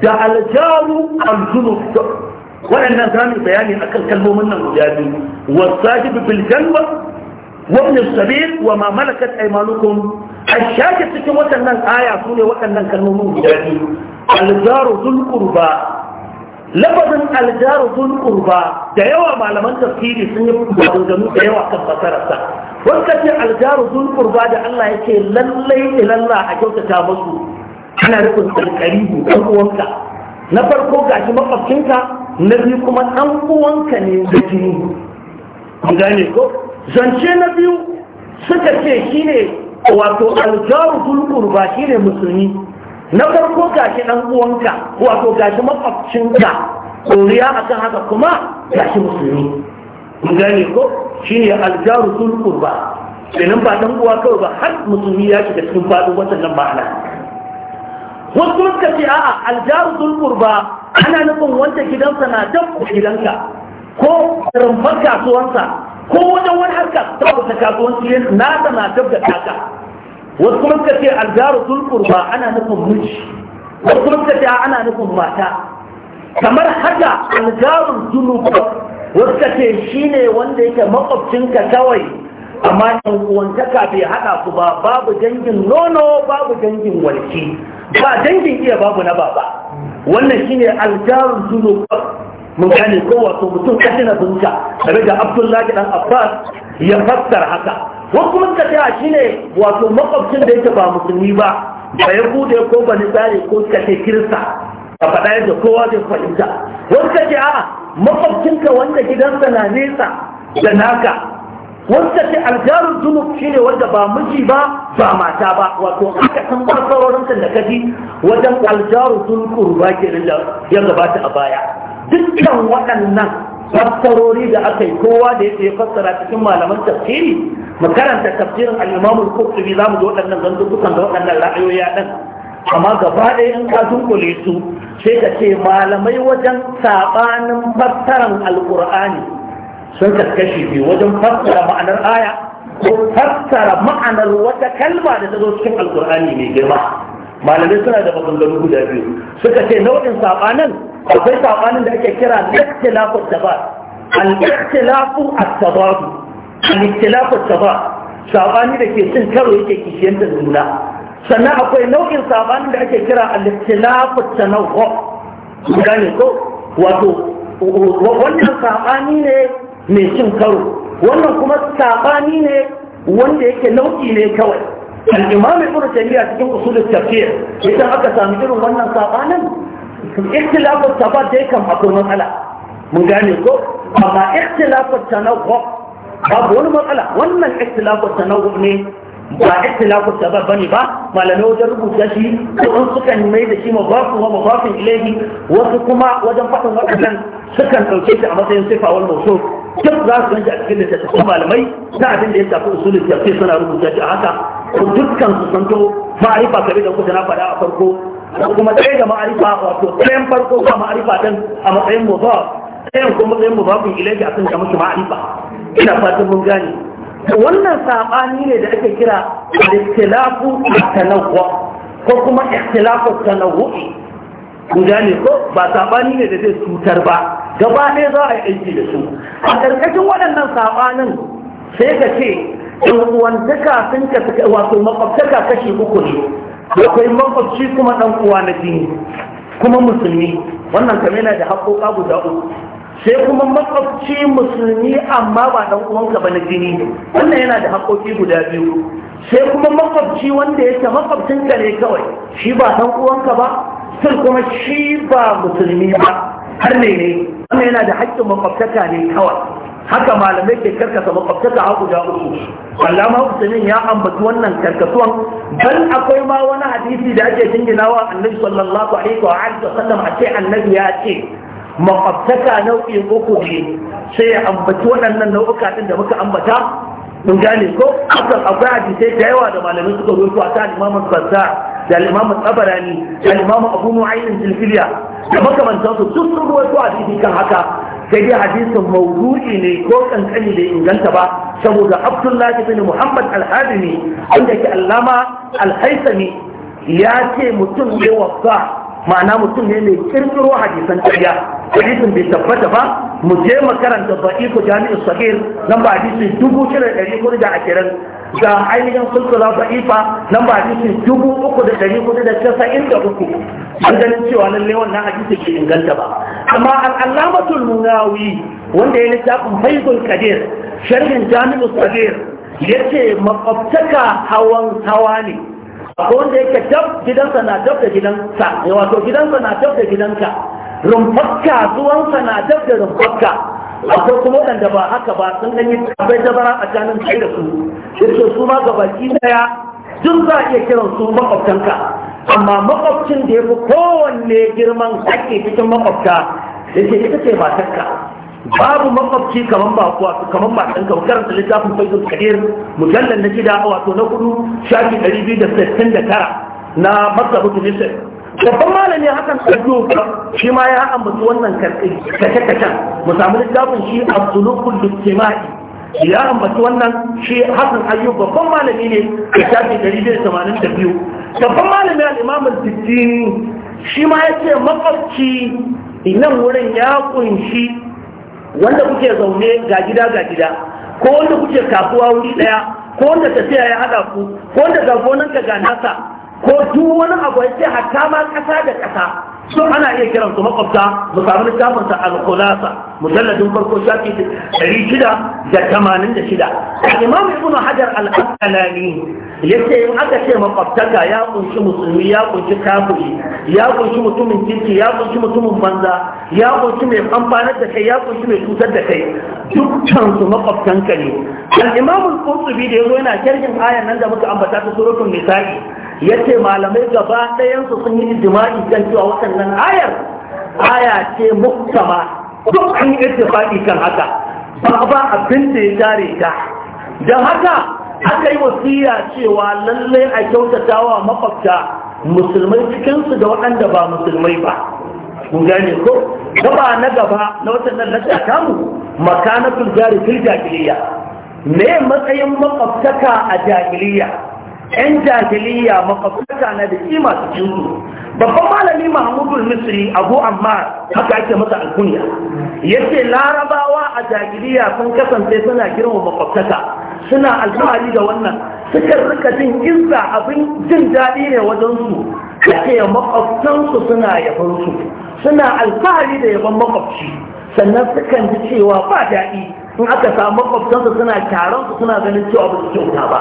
jari da waɗannan za mu bayani akan kalmomin nan guda biyu wasahibu bil janna وابن السبيل وما ملكت a الشاكة cikin waɗannan aya su ne waɗannan kalmomin guda biyu aljaru zul qurba lafazin aljaru zul kurba da yawa malaman tafsiri sun yi maganganu da yawa kan fasararsa wanda ce aljaru zul kurba da Allah yake lallai ilallah a kyautata musu ana nufin alqaribu ɗan uwanka na farko gashi makwabcinka na biyu kuma ɗan uwanka ne da jini gane ko zance na biyu suka ce shi ne wato aljaru gulgur ba ne musulmi na farko gashi ɗan uwanka wato gashi makwabcinka koriya akan haka kuma gashi musulmi mun gane ko ne aljaru gulgur ba kenan ba ɗan uwa kawai ba har musulmi ya shiga cikin faɗin wannan ma'ana wasu suka ce a'a aljaru zulkur ba ana nufin wanda gidansa na dab gidanka ko rumfar kasuwansa ko wajen wani harka ta wata kasuwanci na ta na tabda taka wasu kuma suka ce aljaru sun kurba ana nufin miji wasu kuma suka ce ana nufin mata kamar haka aljarun junub wasu suka ce ne wanda yake makwabcinka kawai amma yan uwantaka bai haɗa su ba babu dangin nono babu dangin walki ba dangin iya babu na baba wannan shine aljarun junub mun gane ko wato mutum ka tana bunka game da abdullahi dan abbas ya fassar haka wasu kuma suka ce shine wato makwabcin da yake ba musulmi ba ba ya bude ko ba ni nisari ko suka ce kirista ka faɗa yadda kowa zai fahimta wani ka ce a'a makwabcinka wanda gidansa na nesa da naka wanda ce aljaru junub shine wanda ba miji ba ba mata ba wato aka san fassarorin da kaji wajen aljaru junub kurba kenan da ya gabata a baya dukkan waɗannan fassarori da aka yi kowa da yake fassara cikin malaman tafsiri mu karanta tafsirin al-Imam al-Qurtubi za mu ji waɗannan zantukan da waɗannan ra'ayoyi ɗin amma gaba ɗaya in ka dunkule su sai ka ce malamai wajen saɓanin fassaran alƙur'ani sun kaskashi biyu wajen fassara ma'anar aya ko fassara ma'anar wata kalma da ta zo cikin alƙur'ani mai girma malamai suna da maganganu guda biyu suka ce nau'in sabanin akwai sabanin da ake kira ikhtilafu tabat al-ikhtilafu at-tabad al-ikhtilafu tabat sabani da ke cin karo yake kishiyar da juna sannan akwai nau'in sabanin da ake kira al-ikhtilafu tanawwu gane ko wato wannan sabani ne mai cin karo wannan kuma sabani ne wanda yake nau'i ne kawai al-imam ibn taymiya cikin usul at-tafsir idan aka sami irin wannan sabanin ikhtilafu sabat dai kan akwai matsala mun gane ko amma ikhtilafu tanawwu babu wani matsala wannan ikhtilafu tanawwu ne ba ikhtilafu sabab bane ba malamai wajen rubuta shi sun sukan mai da shi mabafin wa mabafin ilahi wasu kuma wajen faɗin waɗannan sukan ɗauke shi a matsayin sifa wal duk za su ganci a cikin littattafan malamai na abin ya shafi usulul suna rubuta shi a haka ko dukkan su sun to ma'arifa kare da kuka na faɗa a farko da kuma ɗaya da ma'arifa wato ɗayan farko ba ma'arifa ɗin a matsayin mu ba ɗayan kuma matsayin mu ba kun ilaji a kan kamar ma'arifa ina fatan mun gane wannan saɓani ne da ake kira al-ikhtilafu at-tanawwu ko kuma ikhtilafu at-tanawwu mun gane ko ba saɓani ne da zai cutar ba gaba ɗaya za a yi aiki da su a ƙarƙashin waɗannan sabanin sai ka ce ɗan uwantaka sun ka wato makwabtaka kashi uku ne akwai makwabci kuma ɗan uwa na jini kuma musulmi wannan kamar yana da haƙoƙa guda uku sai kuma makwabci musulmi amma ba ɗan uwanka ba na jini wannan yana da haƙoƙi guda biyu sai kuma makwabci wanda yake ka ne kawai shi ba ɗan uwanka ba sai kuma shi ba musulmi ba har ne ne wannan yana da haƙƙin makwabtaka ne kawai haka malamai ke karkasa makwabtaka a guda uku ma hukumin ya ambaci wannan karkasuwan dan akwai ma wani hadisi da ake jinginawa annabi sallallahu alaihi wa alihi wa sallam a ce annabi ya ce makwabtaka nau'in uku ne sai ya ambaci waɗannan nau'uka din da muka ambata mun gane ko akan akwai hadisai da yawa da malamai suka rubuta a kan imamu bazza da al-imamu tsabarani da al-imamu abu nu'ayn al da makamantansu duk sun rubuta hadisi kan haka sai dai hadisin mawdu'i ne ko kankani da inganta ba saboda abdullahi bin muhammad alhadimi inda ke allama alhaisami ya ce mutum ne wasa ma'ana mutum ne mai kirkiro hadisan ƙarya hadisin bai tabbata ba mu je makaranta ba'iku jami'in sahir nan ba hadisi dubu shida ɗari hudu da ashirin ga ainihin su ifa nan ba hadisin dubu uku da ɗari hudu da casa'in da uku an ganin cewa lalle wannan hadisi ke inganta ba amma al'alamatul munawi wanda ya littafin faizul kadir sharhin jami'ul kadir ya ce makwabtaka hawan hawa ne akwai wanda yake dab gidansa na dab da gidansa wato gidansa na dab da gidanka rumfakka zuwansa na dab da rumfakka akwai kuma waɗanda ba haka ba sun ɗan yi da dabara a janin kai da su yake su ma ga baki daya duk za a iya kiran su maƙwabtanka. amma makwabcin da ya fi kowanne girman ake cikin makwabta yake ita ce matarka babu makwabci kamar ba kuwa kamar ba ba karanta littafin faizul kadir mujallar na shida wato na kudu shafi ɗari biyu da sittin da tara na masarutu nisan. babban malami hakan ɗabi'u shi ma ya ambaci wannan kace-kacen mu samu littafin shi a sulukul ya ambaci wannan shi hakan ayyu babban malami ne a shafi 182 babban malami al diddini shi ma ya ce makwabci nan wurin ya kunshi wanda kuke zaune ga gida ga gida ko wanda kuke kasuwa wuri ɗaya ko wanda tafiya ya haɗa ku ko wanda ga gonanka ga nasa ko duk wani abu ya ce hatta ma ƙasa da ƙasa so ana iya kiran su makwabta mu samu littafin sa al-khulasa mujalladin farko shafi 686 al-imam ibn hajar al-asqalani yace in aka ce makwabtaka ya kunshi musulmi ya kunshi kafiri ya kunshi mutumin kirki ya kunshi mutumin banza ya kunshi mai amfanar da kai ya kunshi mai cutar da kai dukkan su makwabtanka ne al-imam al-qurtubi da yazo yana sharhin ayan nan da muka ambata ta suratul nisa'i yace malamai gaba ɗayan su sun yi ijma'i kan cewa watan wannan ayar aya ce muktama duk an yi ittifaqi kan haka ba ba abin da ya tare ta don haka aka yi wasiya cewa lallai a kyautata wa makwabta musulmai cikinsu da waɗanda ba musulmai ba ku gane ko gaba na gaba na watan nan na ta kamu makanatul jari fil jahiliya me matsayin makwabtaka a jahiliya yan jahiliya makwabtaka na da kima cikin su babban malami mahmudul misri abu amma haka ake masa alkunya yace larabawa a jahiliya sun kasance suna girma makwabtaka suna alfahari da wannan suka rika jin izza abin jin daɗi ne wajen su kace makwabtansu suna yabon su suna alfahari da yabon makwabci sannan sukan ji cewa ba daɗi in aka samu makwabtansu suna taron su suna ganin cewa ba su kyauta ba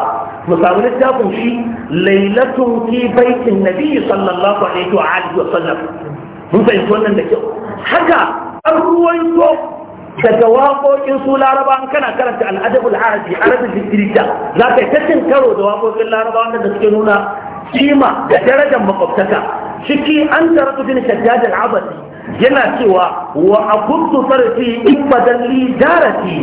mu samu littafin shi lailatun fi baitin nabi sallallahu alaihi wa alihi wa sallam mun fahimci da kyau haka an ruwanto daga waƙoƙin su laraba an kana karanta al'adabul arabi arabin littirita za ka yi ta karo da waƙoƙin laraba wanda da nuna kima da darajar makwabtaka ciki an karatu bin shaddad al-abasi yana cewa wa akuntu farfi in badalli darati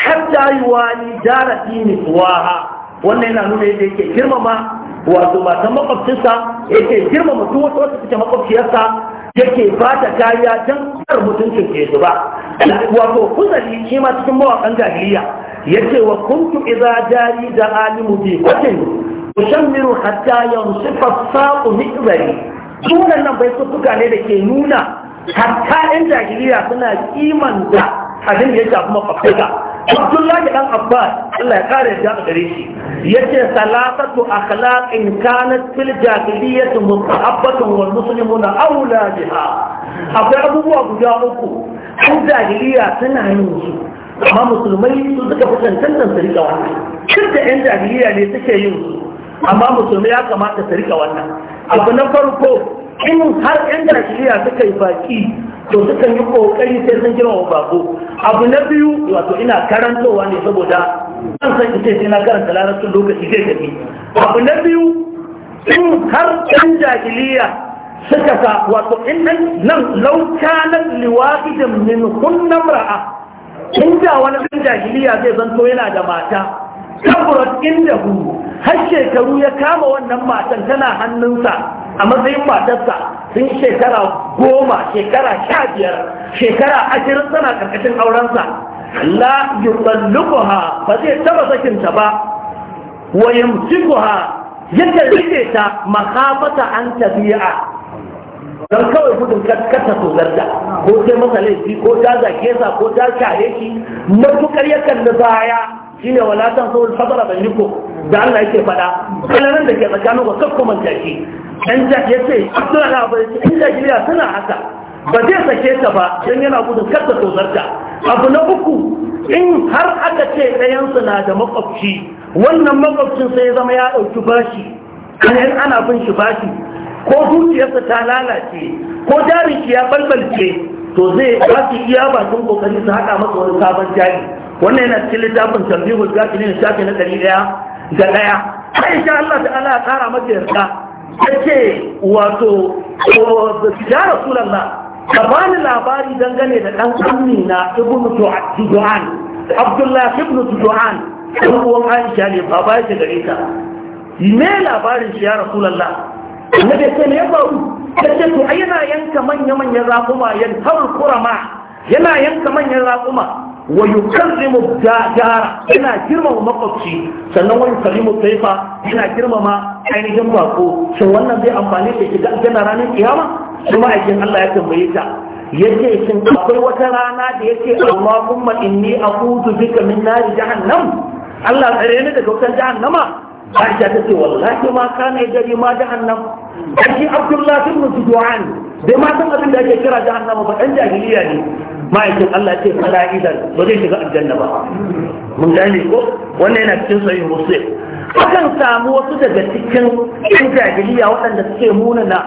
hatta yuwali darati miswaha wannan yana nuna yadda yake girmama wato matan makwabcinsa yake girmama duk wata wata fice makwabciyarsa yake fata kariya don kar mutuncin ke zuba wato kuzari shi ma cikin mawakan jahiliya yace wa kuntu idza jari da alimu bi qatin ushammiru hatta yansifa saqu mi'zari sunan nan bai su buga ne da ke nuna hatta yan jahiliya suna kimanta abin da ya shafi makwabtaka abdullahi ɗan abbas Allah ya yadda a gare shi Ya yace salatatu akhlaqin kanar fil jahiliyyati mustahabbatun wal na aula biha akwai abubuwa guda uku Ku jahiliya suna yin su amma musulmai su suka fi cancantar su rika wannan duk da yan jahiliya ne suke yin su amma musulmai ya kamata su rika wannan abu na farko in har 'yan najeriya suka yi baki to suka yi kokari sai sun jira wa bako abu na biyu wato ina karantowa ne saboda an san ita sai na karanta larabcin lokaci zai tafi abu na biyu in har 'yan jahiliya suka sa wato in nan laukanan liwa'idin min kunnan ra'a in da wani ɗan jahiliya zai zanto yana da mata kaburat inda hu har shekaru ya kama wannan matan tana hannunsa a matsayin matarsa sun shekara goma shekara sha biyar shekara ashirin tana karkashin aurensa la yuballuha ba zai taba ta ba wa yamsikuha yadda rike ta makafata an tabi'a don kawai gudun kata tsogar da ko sai masa laifi ko ta zage sa ko ta share shi matukar yakan da baya shine wala tan sawul fadara bainakum da Allah yake faɗa kalaran da ke tsakanin ku kakko manta shi dan ja yace Abdullahi Abu yace in jiya suna haka ba zai sake ta ba dan yana gudun kar ta tozarta abu na uku in har aka ce su na da makwabci wannan makwabcin sai zama ya ɗauki bashi kayan ana bin shi bashi ko zuciyarsa ta lalace ko jarin ya balbalce to zai ba su iya bakin kokari su haɗa masa wani sabon jari wannan yana cikin littafin tambihul gafilin shafi na ɗari ɗaya ga ɗaya sai insha Allah ta'ala ya ƙara mata yarda ce wato ya rasulullah ka ni labari dangane da ɗan ammi na ibnu tu'an abdullahi ibnu tu'an ɗan uwan Aisha ne baba yake gare ta me labarin shi ya rasu rasulullah na da ce ne ya faru da ce to ai yana yanka manya-manyan raƙuma yan tarkura ma yana yanka manyan raƙuma wa yukallimu jara yana girmama makwabci sannan wani kalimu taifa yana girmama ainihin bako shin wannan zai amfani da shiga gana ranar kiyama su ma'aikin Allah ya tambaye ta yake shin akwai wata rana da yake Allahumma inni aqutu bika min nari jahannam Allah tsare ni daga wutar jahannama Aisha ta ce wallahi ma kana gari ma jahannam Aji ibn Zudu'an bai ma san abin da ake kira jahannama ba dan jahiliya ne ma'aikin Allah ce fala idan ba zai shiga aljanna ba mun gane ko wannan yana cikin sahih muslim akan samu wasu daga cikin yan jahiliya waɗanda suke munana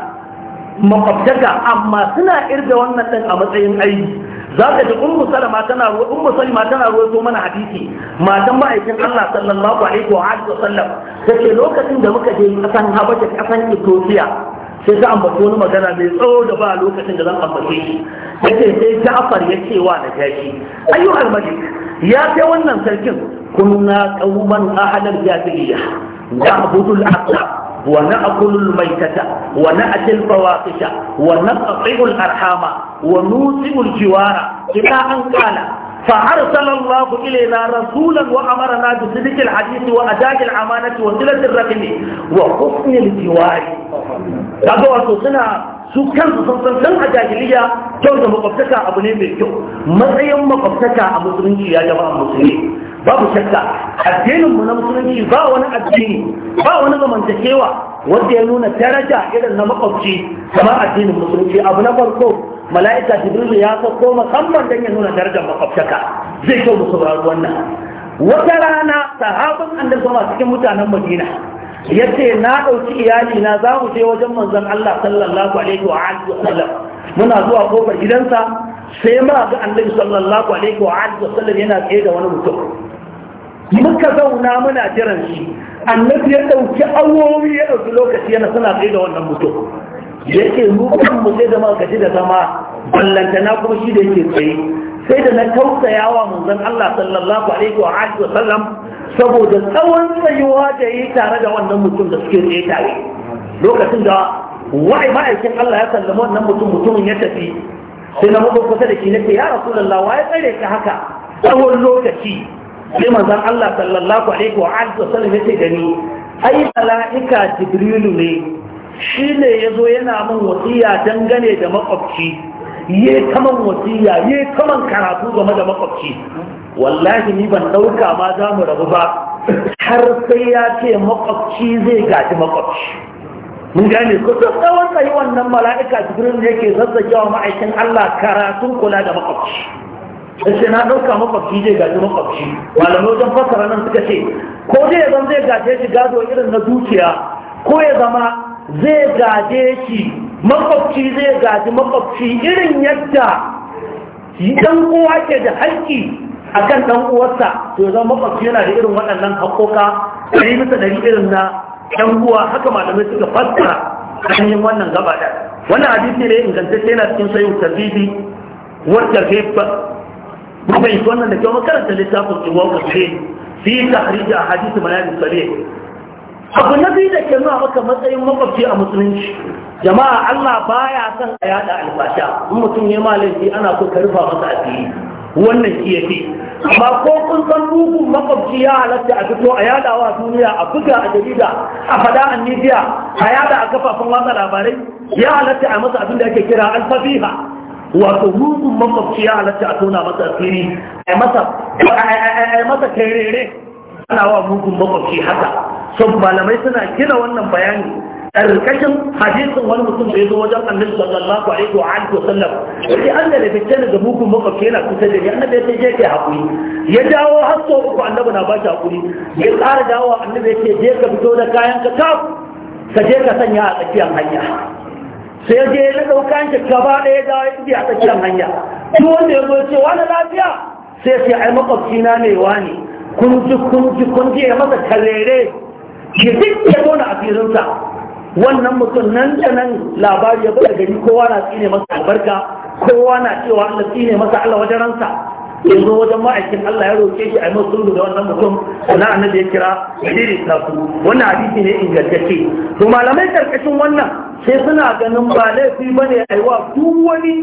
makwabtaka amma suna irga wannan ɗin a matsayin aiki za ka ji ummu salama tana ruwa ummu salima tana ruwa zo mana hadisi matan ma'aikin Allah sallallahu alaihi wa alihi wa sallam take lokacin da muka je kasan Habasha kasan Ethiopia sai ta ambaci wani magana mai tsawo da ba lokacin da zan ambace shi yace sai Ja'far ya ce wa na jashi ayyuhal malik ya kai wannan sarkin kunna qauman ahadal jahiliya na'budu al-aqla wa na'kulu al-maytata wa na'ti al wa naqti'u al-arhama wa nusibu al-jiwara an qala فأرسل الله إلينا رسولا وأمرنا بصدق الحديث وأداء الأمانة وصلة الرحم وحسن الجوار kaga wato suna su kansu sun san a jahiliya kyau da makwabtaka abu ne mai kyau matsayin makwabtaka a musulunci ya jama'a musulmi babu shakka addinin na musulunci ba wani addini ba wani zamantakewa wanda ya nuna daraja irin na makwabci kamar addinin musulunci abu na farko mala'ika jibrilu ya sauko musamman don ya nuna darajar makwabtaka zai kyau mu saurari wannan wata rana sahabin annabi sama cikin mutanen madina ya ce na ɗauki iyali na, za mu je wajen manzon Allah sallallahu alaihi wa alihi wasallam muna zuwa kofar gidansa sai ma ga annabi sallallahu alaihi wa alihi wasallam yana tsaye da wani mutum muka zauna muna jiran shi annabi ya ɗauki awowi ya ɗauki lokaci yana suna tsaye da wannan mutum yake rukun mu sai da muka da zama ballantana kuma shi da yake tsaye sai da na tausaya wa manzon Allah sallallahu alaihi wa alihi wa sallam saboda tsawon tsayuwa da yi tare da wannan mutum da suke tsaye tare lokacin da wai ma'aikin Allah ya sallama wannan mutum mutumin ya tafi sai na mutum kusa da shi nake ya rasulullah wai tsare ka haka tsawon lokaci sai manzon Allah sallallahu alaihi wa alihi wa sallam ya ce da ni ai mala'ika jibrilu ne shi ne ya zo yana man wasiya dangane da makwabci ye kaman wasiya yi kama karatu game da makwabci wallahi ni ban dauka ma za mu rabu ba har sai ya ce makwabci zai gaji makwabci mun gane ko to tsawon tsayi wannan mala'ika jibril yake zazzagewa ma'aikin Allah karatun kula da makwabci sai na ɗauka makwabci zai gaji makwabci malamai wajen fasara nan suka ce ko zai zama zai gaje shi gado irin na dukiya ko ya zama zai gaje shi makwabci zai gaji makwabci irin yadda ɗan uwa ke da haƙƙi a kan ɗan uwarsa to zan makwabci yana da irin waɗannan haƙoƙa yi bisa ɗari irin na ɗan uwa haka malamai suka fassara hanyar wannan gaba da wannan hadisi ne ingantacce yana cikin sayin tabibi wata gefa mafi wannan da kyau makaranta littafin iwa kusurai fi ta tahrija hadisi manajin salih abu na biyu da ke nuna maka matsayin makwabci a musulunci jama'a Allah baya son a yada albasha in mutum ya malami ana so ka rufa masa asiri wannan shi yafi amma ko kun san mugun makwabci ya halatta a fito a yadawa duniya a buga a jarida a fada a midiya a yada a kafafen watsa labarai ya halatta a masa abin da ake kira alfafiha wato mugun makwabci ya halatta a tona masa asiri a masa kerere ana wa mugun makwabci haka sun malamai suna gina wannan bayani ƙarƙashin hadisin wani mutum da ya zo wajen annabi sallallahu alaihi wa alihi wa sallam Wani an da lafiya ne da mugun makwabci yana kusa da ni annabi sai je ke hakuri ya dawo har sau uku annabi na ba shi hakuri ya ƙara dawo annabi ce je ka fito da kayan ka kaf ka je ka sanya a tsakiyar hanya sai je ya ɗau kayan ka gaba ɗaya dawo ya a tsakiyar hanya duk wanda ya zo ce wani lafiya sai ya ce ai makwabci na ne wani kun ji kun ji kun ji ya masa karere ki duk ya a firinsa wannan mutum nan da nan labari ya bada gari kowa na tsine masa albarka kowa na cewa Allah tsine masa Allah wajen ransa yanzu wajen ma'aikin Allah ya roke shi a masu da wannan mutum na da ya kira hadiri na su wannan hadisi ne ingantacce to malamai karkashin wannan sai suna ganin ba laifi bane aiwa duk wani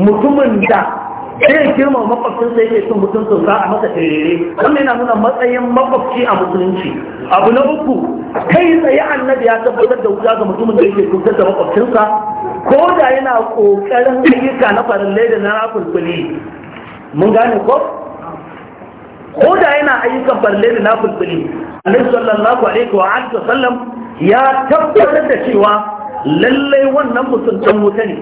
mutumin da sai ya girma makwabcin sai ke cin mutuncin sa a masa tarere wannan yana nuna matsayin makwabci a musulunci abu na uku kai tsaye annabi ya tabbatar da wuta ga mutumin da yake cutar da makwabcinsa ko da yana kokarin ayyuka na farallai da na kulkuli mun gane ko ko da yana ayyukan farallai da na kulkuli annabi sallallahu alaihi wa alihi sallam ya tabbatar da cewa lallai wannan mutum dan wuta ne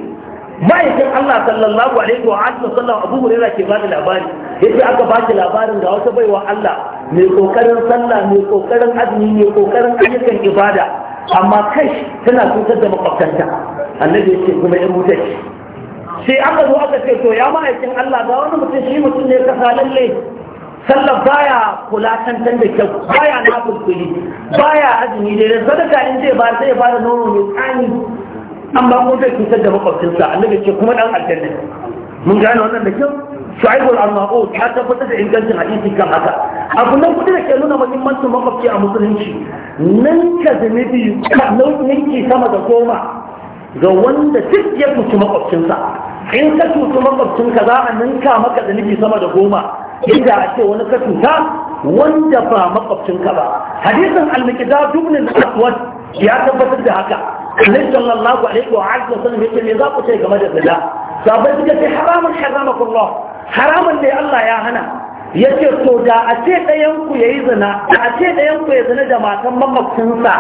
ma'aikin Allah sallallahu alaihi wa alihi sallam Abu Hurairah ke bani labari yace aka ba shi labarin da wata baiwa Allah mai kokarin sallah mai kokarin azumi mai kokarin ayyukan ibada amma kai tana cutar da makwabtanta annabi ce kuma ya mutu sai aka zo aka ce to ya ma'aikin Allah ga wani mutum shi mutum ne kasa lalle sallah baya kula tantan da kyau baya nafulkuli baya azumi da sadaka in zai ba sai ya fara nono mai tsani an ba ko zai cutar da makwabcinsa annabi ce kuma dan aljanna mun gane wannan da kyau al arnaqo ta tabbatar da ingancin hadisi kan haka abu nan kudi da ke nuna muhimmancin makwabci a musulunci nan ka zunubi nau'in sama da goma ga wanda duk ya cuci makwabcinsa in ka cutu makwabcinka za a ninka maka zunubi sama da goma inda a ce wani ka cuta wanda ba makwabcinka ba hadisin al-miqdad ibn al-aswad ya tabbatar da haka annabi sallallahu alaihi wa alihi wasallam yace me za ku ce الله da جت sabai suka الله haramun haramakullah haramun ne Allah ya hana to da a ce ɗayan ku yayi zina da a ce ɗayan ku ya zina da matan mamakinsa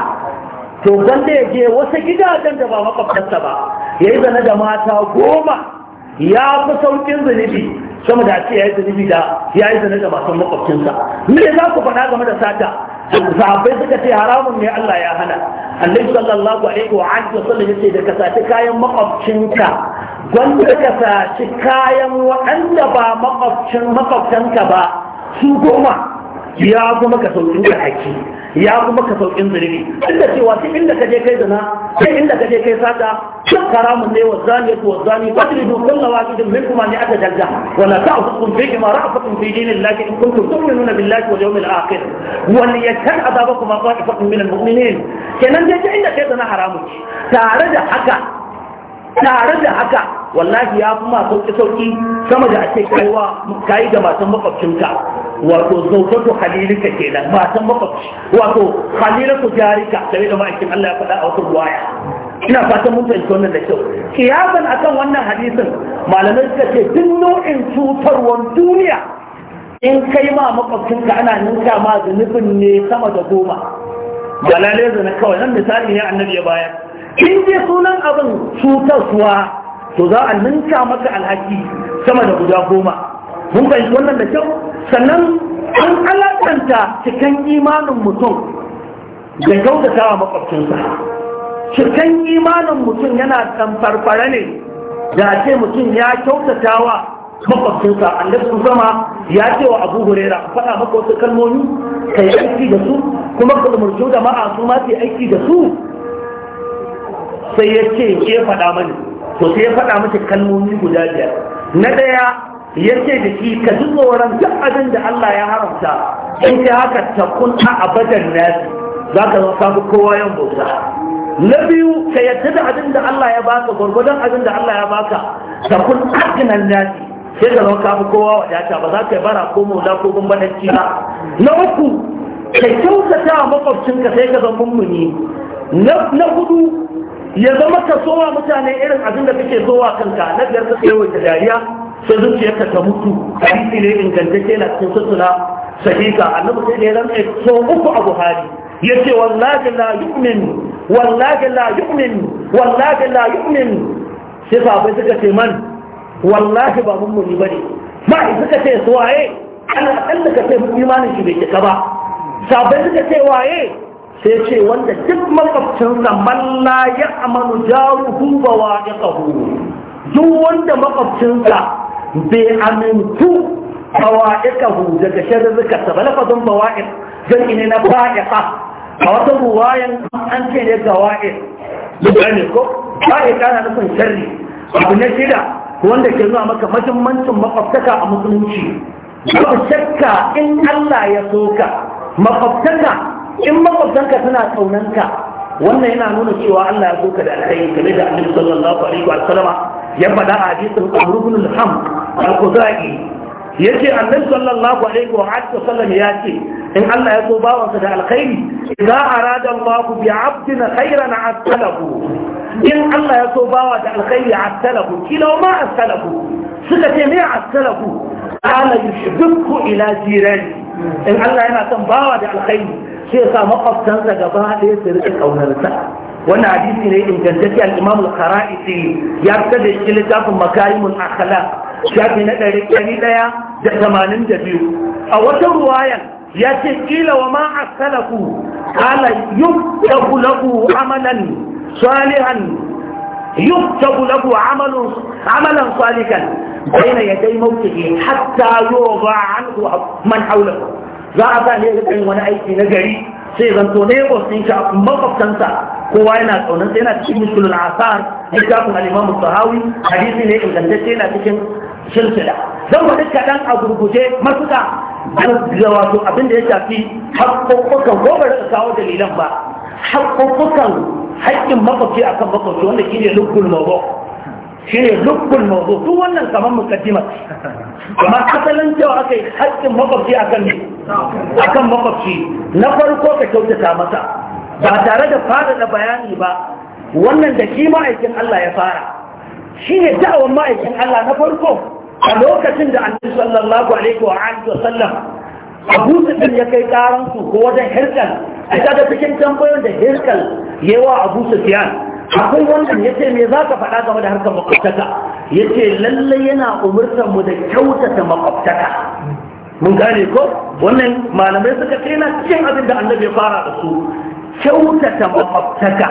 to wanda ya je wasu gidajen da ba makwabtarsa ba yayi zina da mata goma ya fi saukin zanibi sama da ce ya yi da ya yi zanibi da masu makwabcinsa me za ku faɗa game da sata sahabbai suka ce haramun ne Allah ya hana Allai sallallahu alaihi wa alihi wasallam yace da ka saci kayan makwabcinka gwanda ka saci kayan waɗanda ba makwabcin ba su goma ya kuma ka sauki da hakki. ya kuma ka saukin zunubi inda cewa duk inda ka je kai zina sai inda ka je kai sata duk haramun ne wa zani wa zani ta ba fadridu kullu wahidin minkum an aka jalja wa la ta'khudhukum bi ma ra'afakum fi dinillahi in kuntum tu'minuna billahi wal yawmil akhir wa liyakan adabakum qa'ifatun minal mu'minin kenan dai inda kai zina haramun tare da haka tare da haka wallahi ya fi sauki sauki sama da ake kaiwa kayi da matan makwabcinka wato zautatu halilika kenan matan makwabci wato halilatu jarika game da ma'aikin Allah ya faɗa a wasu ruwaya ina fatan mun fahimci wannan da kyau kiyasan akan wannan hadisin malamai suka ce duk nau'in cutarwar duniya in kai ma makwabcinka ana ninka ma zunubin ne sama da goma da zana kawai nan misali ne annabi ya bayar in je sunan abin cutarwa to za a ninka maka alhaki sama da guda goma mun fahimci wannan da kyau sannan an alakanta cikin imanin mutum da gautata wa makwabcinsa cikin imanin mutum yana farfara ne da ce mutum ya kyautata wa makwabcinsa annabi sun sama ya ce wa abu hurera faɗa maka wasu kalmomi ka yi aiki da su kuma ka umarci da ma'a su ma su aiki da su sai ya ce ke faɗa mani to sai ya faɗa mace kalmomi guda biyar na ɗaya ya ce da shi ka ji tsoron duk abin da Allah ya haramta in ta haka ta kunta a badan nasi za ka zama samu kowa yan bauta na biyu ka yadda da abin da Allah ya baka gwargwadon abin da Allah ya baka ta kun akinan nasi sai ka zama kafi kowa wadata ba za ka yi bara ko maula ko bambanci ba na uku ka kyautata wa makwabcinka sai ka zama mummuni na hudu ya zama ka sowa mutane irin abin da kake zowa kanka na biyar ka yawaita dariya sai zuciyarka ta mutu hadisi ne ingantacce na cikin sutuna sahiha annabi sai ne ran so uku a buhari yace wallahi la yu'min wallahi la yu'min wallahi la yu'min sai sahabbai suka ce man wallahi ba mun muni bane ma suka ce su waye Ana Allah ka ce imanin shi bai cika ba sahabbai suka ce waye sai ce wanda duk makwabcinsa malla ya amanu jaruhu ba wa ya duk wanda makwabcinsa bai amintu ba wa ya daga sharrukansa ba lafazin ba wa ya zan ina na fa'iqa a wata ruwayan an ce ne ga wa'ir ne ko fa'iqa na nufin sharri abu na shida wanda ke nuna maka mahimmancin makwabtaka a musulunci babu shakka in Allah ya so ka makwabtaka in makwabtanka suna kaunanka wannan yana nuna cewa Allah ya soka da alkhairi game da Annabi sallallahu alaihi wa sallama ya faɗa a hadisin Amr ibn al-Ham al-Khuzai yace Annabi sallallahu alaihi wa sallam ya ce in Allah ya so bawansa da alkhairi idza arada Allah bi 'abdin khairan 'attalahu in Allah ya so bawa da alkhairi 'attalahu kila ma 'attalahu suka ce me 'attalahu ala yushbiku ila jirani in Allah yana son bawa da alkhairi شيخ مقف كانت جباعة يسرق أو نرسع وانا عديث إليه إن كان ذكي الإمام الخرائسي يرتد الشلطة في مكارم الأخلاق شاك هنا ذلك كان إليا ده زمان جديد أو ترواية يتكيل وما أسلك قال يكتب له عملا صالحا يكتب له عمل عملا صالحا بين يدي موته حتى يوضع عنه من حوله za a sa ne ga kan wani aiki na gari sai zanto ne ko sun shi makwabtansa kowa yana tsaunan sai yana cikin musulun asar littafin al-imam sahawi hadisi ne ingantacce yana cikin silsila don ba duka dan a gurguje matuka da wato abin da ya shafi haƙƙoƙokan ko ba da kawo dalilan ba haƙƙoƙokan haƙƙin makwabci akan makwabci wanda shine lukkul mawdu' shi ne lukkul mawazo duk wannan kamar mukaddima amma asalin cewa aka yi haƙƙin makwabci a kan ne
akan
makwabci na farko ka kyautata masa ba tare da faɗaɗa bayani ba wannan da shi ma'aikin Allah ya fara shi ne da'awan ma'aikin Allah na farko a lokacin da annabi sallallahu alaihi wa alihi wa sallam Abu Sufyan ya kai karan su ko wajen Hirkal a daga cikin tambayoyin da Hirkal yawa Abu Sufyan akwai wannan ya ce me za ka faɗa game da harkar makwabtaka ya ce lallai yana umurtar mu da kyautata makwabtaka mun gane ko wannan malamai suka ce na cikin abin da annabi ya fara da su kyautata makwabtaka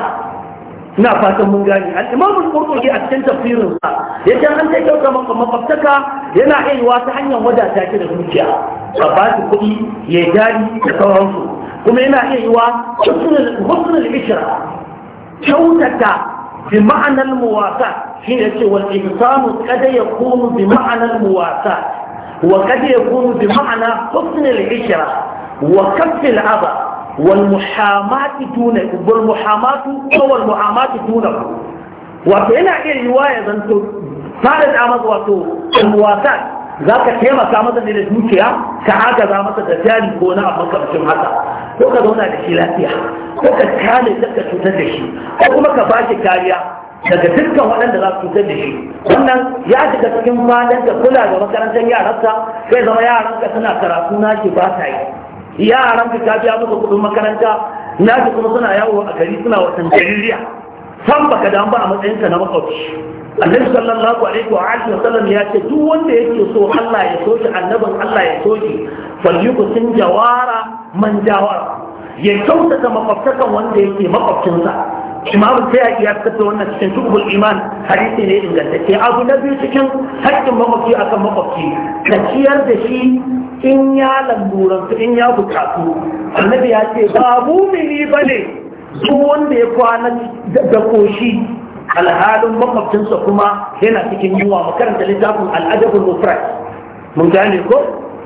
ina fatan mun gane al-imam a cikin tafsirin sa yace an sai kyauta makwabtaka yana aiwa ta hanyar wadata ki da zuciya a ba ki kuɗi ya gari da sauransu kuma yana aiwa husnul ishra kyautata bi ma'anar muwasa shine yace wal ihsanu kada yakunu bi ma'anar muwasa وقد يكون بمعنى حسن العشرة وكف الأذى والمحاماة دونه والمحاماة أو المحاماة دونه وأنا أقول رواية زنتو ثالث أمد واتو المواساة ذاك كيما كامتا للجوكيا كعاجة زامتا تتالي كونا أمكا بشمهتا ko ka zauna da shi lafiya ko ka kare daga cutar da shi ko kuma ka ba shi kariya daga dukkan waɗanda za su da shi wannan ya shiga cikin fadan da kula da makarantar yaransa sai zama yaranka suna karatu na shi ba ta yi Yaran ka biya musu kuɗin makaranta na shi kuma suna yawo a gari suna watan jaririya san baka damu ba a matsayinka na makwabci annabi sallallahu alaihi wa alihi sallam ya ce duk wanda yake so Allah ya so shi annabin Allah ya so shi falyukusin jawara man jawara ya kyautata makwabtakan wanda yake makwabcinsa imam sai iya kasa wannan cikin shubul iman hadisi ne ingantacce abu na biyu cikin haƙƙin makwabci akan makwabci ka ciyar da shi in ya lalluransu in ya bukatu annabi ya ce ba mini ba ne duk wanda ya kwana da koshi alhalin makwabcinsa kuma yana cikin yunwa makaranta littafin al'adabul mufrad mun gane ko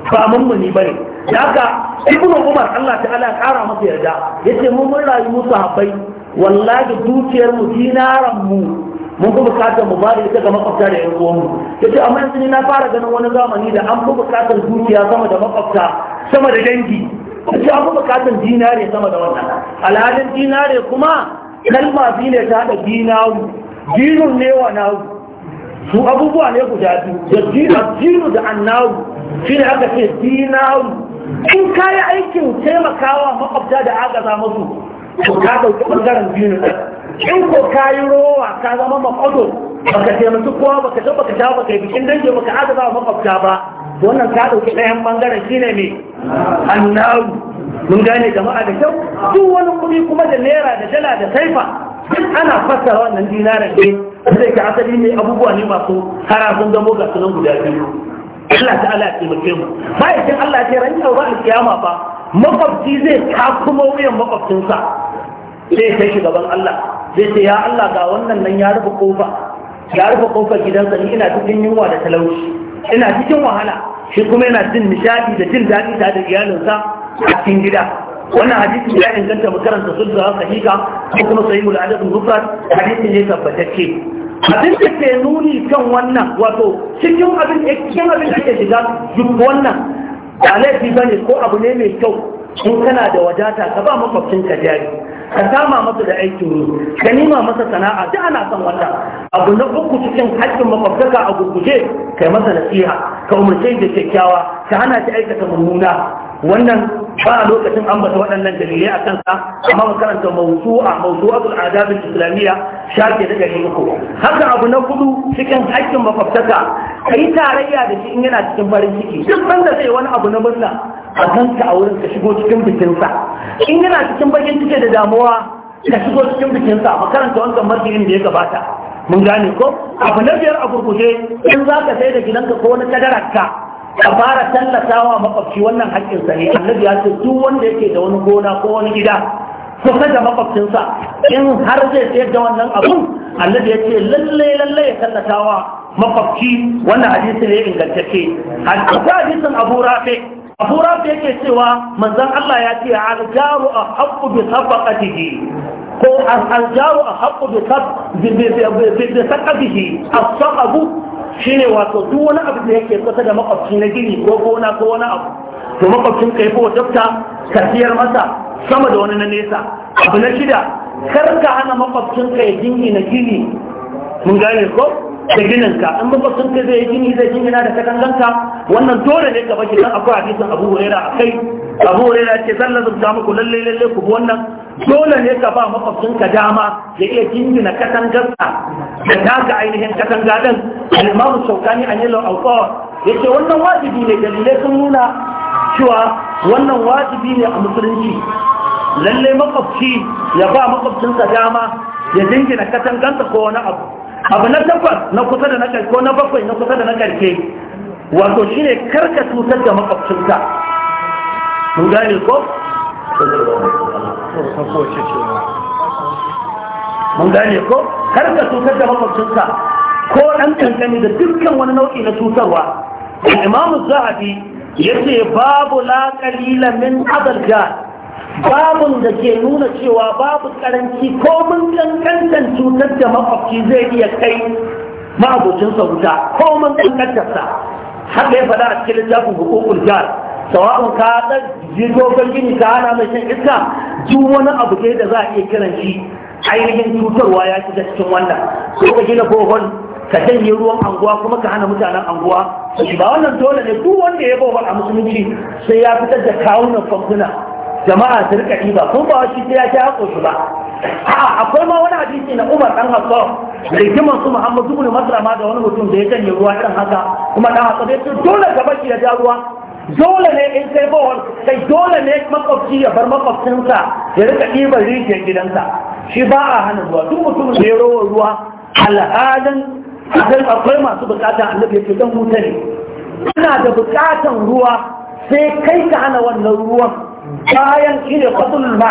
ba mummuni ba ne da haka ibnu umar Allah ta'ala ya kara masa yarda ce mun mun rayu musu habbai wallahi dukiyar mu dinaran mu mun fi bukatar mu ba da ita ga makwabta da 'yan uwanmu ya ce amma yanzu ni na fara ganin wani zamani da an fi bukatar dukiya sama da makwabta sama da dangi ya ce an fi bukatar dinare sama da wannan alhalin dinare kuma kalma biyu ne ta haɗa dinaru dinun ne wa naru su abubuwa ne guda biyu da dinu da annaru shi ne aka ce dinaru in kayi aikin taimakawa makwabta da agaza musu to ka ɗauki ɓangaren biyu ne in ko ka yi rowa ka zama makwado baka taimaki kowa baka ta baka sha baka yi bikin dangi baka adaba ba mafabta ba wannan ka ɗauki ɗayan ɓangaren shine mai annaru mun gane jama'a da kyau duk wani kuɗi kuma da naira da dala da saifa duk ana fassara wannan dinaran ne zai ka asali ne abubuwa ne masu harafin zamo ga sunan guda biyu Allah ta'ala ya taimake mu bayan Allah ya ce ran yau ba alkiyama ba makwabci zai kuma wuyan makwabcinsa sai kai shi gaban Allah zai ce ya Allah ga wannan nan ya rufe kofa ya rufe kofar gidansa ni ina cikin yunwa da talauci ina cikin wahala shi kuma yana jin nishadi da jin daɗi ta da iyalinsa a cikin gida wannan hadisi ya inganta makaranta karanta sulhu ha sahiha ko kuma sahihul adab mufrad hadisi ne tabbatacce abin da ke nuni kan wannan wato cikin abin cikin abin da ke shiga duk wannan ba laifi ba ne ko abu ne mai kyau in kana da wadata ka ba makwabcinka jari ka sama masa da aikin yi ka nima masa sana'a duk ana son wannan abu na uku cikin haƙƙin makwabtaka a gurguje kai masa nasiha ka umarce da kyakkyawa ka hana ta aikata mummuna wannan ba a lokacin ambata waɗannan dalilai a kansa amma mu karanta mawsu'a a adab islamiyya shafi da gari uku haka abu na kudu cikin haƙƙin makwabtaka kai tarayya da shi in yana cikin farin ciki duk banda zai wani abu na murna a kanka a wurin ka shigo cikin bikinsa in yana cikin bakin ciki da damuwa ka shigo cikin bikinsa a makaranta wancan martinin da ya gabata mun gane ko abu na biyar a gurguje in za ka sai da gidanka ko wani kadararka ka fara wa makwabci wannan haƙƙinsa ne annabi ya ce duk wanda yake da wani gona ko wani gida kusa da makwabcinsa in har zai tsayar da wannan abu? annabi ya ce lallai lallai ya wa makwabci wannan hadisi ne ingantacce hadisin abu rafi abu rafi yake cewa manzon Allah ya ce al a ahqqu bi sabaqatihi ko aljaru a haqqu bi sab bi bi as-saqabu shi ne wato duk wani abu da yake kusa da makwabci na gini ko gona ko wani abu to makwabcin ka yi dafta ka masa sama da wani na nesa abu na shida kar ka hana makwabcin ka ya gini na gini mun gane ko da ginin ka in makwabcin ka zai gini zai na da katanganka wannan dole ne ka baki dan akwai hadisin Abu Hurairah akai Abu Hurairah ce sallallahu alaihi wasallam ku lalle lalle ku wannan dole ne ka ba makwabcinka dama ya iya jingina katangarsa da taka ainihin katanga din alimamu shaukani a yi alkawar ya ce wannan wajibi ne dalilai sun nuna cewa wannan wajibi ne a musulunci lallai makwabci ya ba makwabcinsa dama ya jingina katangarsa ko wani abu abu na takwas na kusa da na karke ko na bakwai na kusa da na karke wato shine karka cutar da makwabcinka mun gane ko makwabta kar ka cutar da makwabcinka ko ɗan kankani da dukkan wani nau'i na cutarwa zaa zahabi yace babu la qalila min babun da ke nuna cewa babu karanci ko mun kankantan cutar da makwabci zai iya kai ma'abocinsa wuta ko mun kankantarsa haka ya faɗa a cikin littafin hukukul jar sawa'un ka ɗan jirgo gini ka hana mai shan iska duk wani abu ne da za a iya kiran shi ainihin cutarwa ya shiga cikin wannan ko ka gina bohol ka janye ruwan anguwa kuma ka hana mutanen anguwa ba wannan dole ne duk wanda ya bohol a musulunci sai ya fitar da kawunan famfuna jama'a su rika ɗiba ko ba shi sai ya ci hako su ba a'a akwai ma wani hadisi na Umar dan Hassan rigiman su Muhammadu ibn Masra da wani mutum da ya janye ruwa dan haka kuma dan haka ya dole ka baki da ruwa dole ne in sai bohol kai dole ne makwabci ya bar makwabcinsa ya rika ɗiban rijiyar gidansa shi ba a hana zuwa duk mutumin da ya rowa ruwa al'adan akan akwai masu bukatan annabi yake dan wuta ne ana da bukatan ruwa sai kai ka hana wannan ruwan bayan shi ne fadlul ma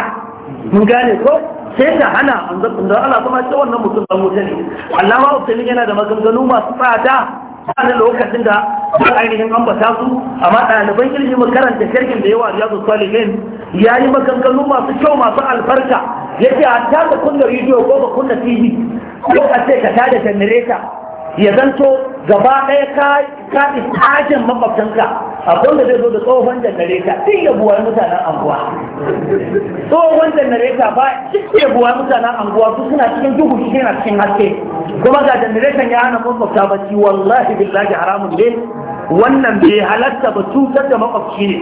mun gane ko sai ta hana an zaɓin da Allah kuma ce wannan mutum ɗan wuta ne Allah ma yana da maganganu masu tsada sa'an lokacin da ba ainihin ambata su amma ɗaliban ilimin karanta shirkin da yawa riyadu salihin ya yi maganganu masu kyau masu alfarka, ya ce a tada kunna rediyo ko ba kunna tv ko a ce ka tada janareta ya zanto gaba ɗaya ka isajin makwabtanka abinda zai zo da tsohon janareta duk yabuwar mutanen anguwa tsohon janareta ba duk yabuwar mutanen anguwa su suna cikin duhu shi na cikin haske kuma ga jannareta ya hana ba bacci wallahi billahi haramun ne wannan bai halatta ba cutar da makwabci ne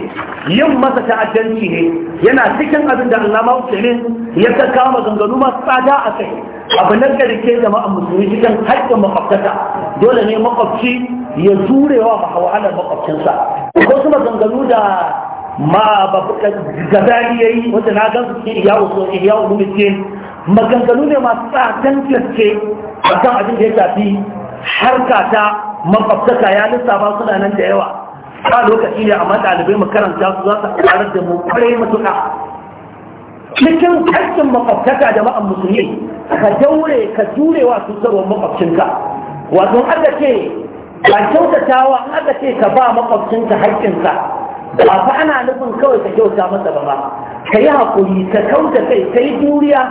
yin masa ta'addanci ne yana cikin abin da Allah mawuce ya ta kama ganganu masu tsada a kai abu na zama jama'an musulmi cikin haƙƙin makwabtaka dole ne makwabci ya jurewa wahalar makwabcinsa ko su maganganu da ma ba gazali yayi wanda na gan su cikin iyawu so iyawu lumiske maganganu ne masu tsadan gaske akan abin da ya shafi harka ta makwabtaka ya lissafa suna nan da yawa ba lokaci ne amma ɗalibai mu karanta su za su karar da mu kwarai matuƙa cikin aikin makwabtaka ma'an musulmi ka daure ka jurewa cutarwar makwabcinka wato da ce ba kyautatawa aka ce ka ba makwabcinka haƙƙinsa ba fa ana nufin kawai ka kyauta masa ba ba ka yi haƙuri ka kauta kai ka yi juriya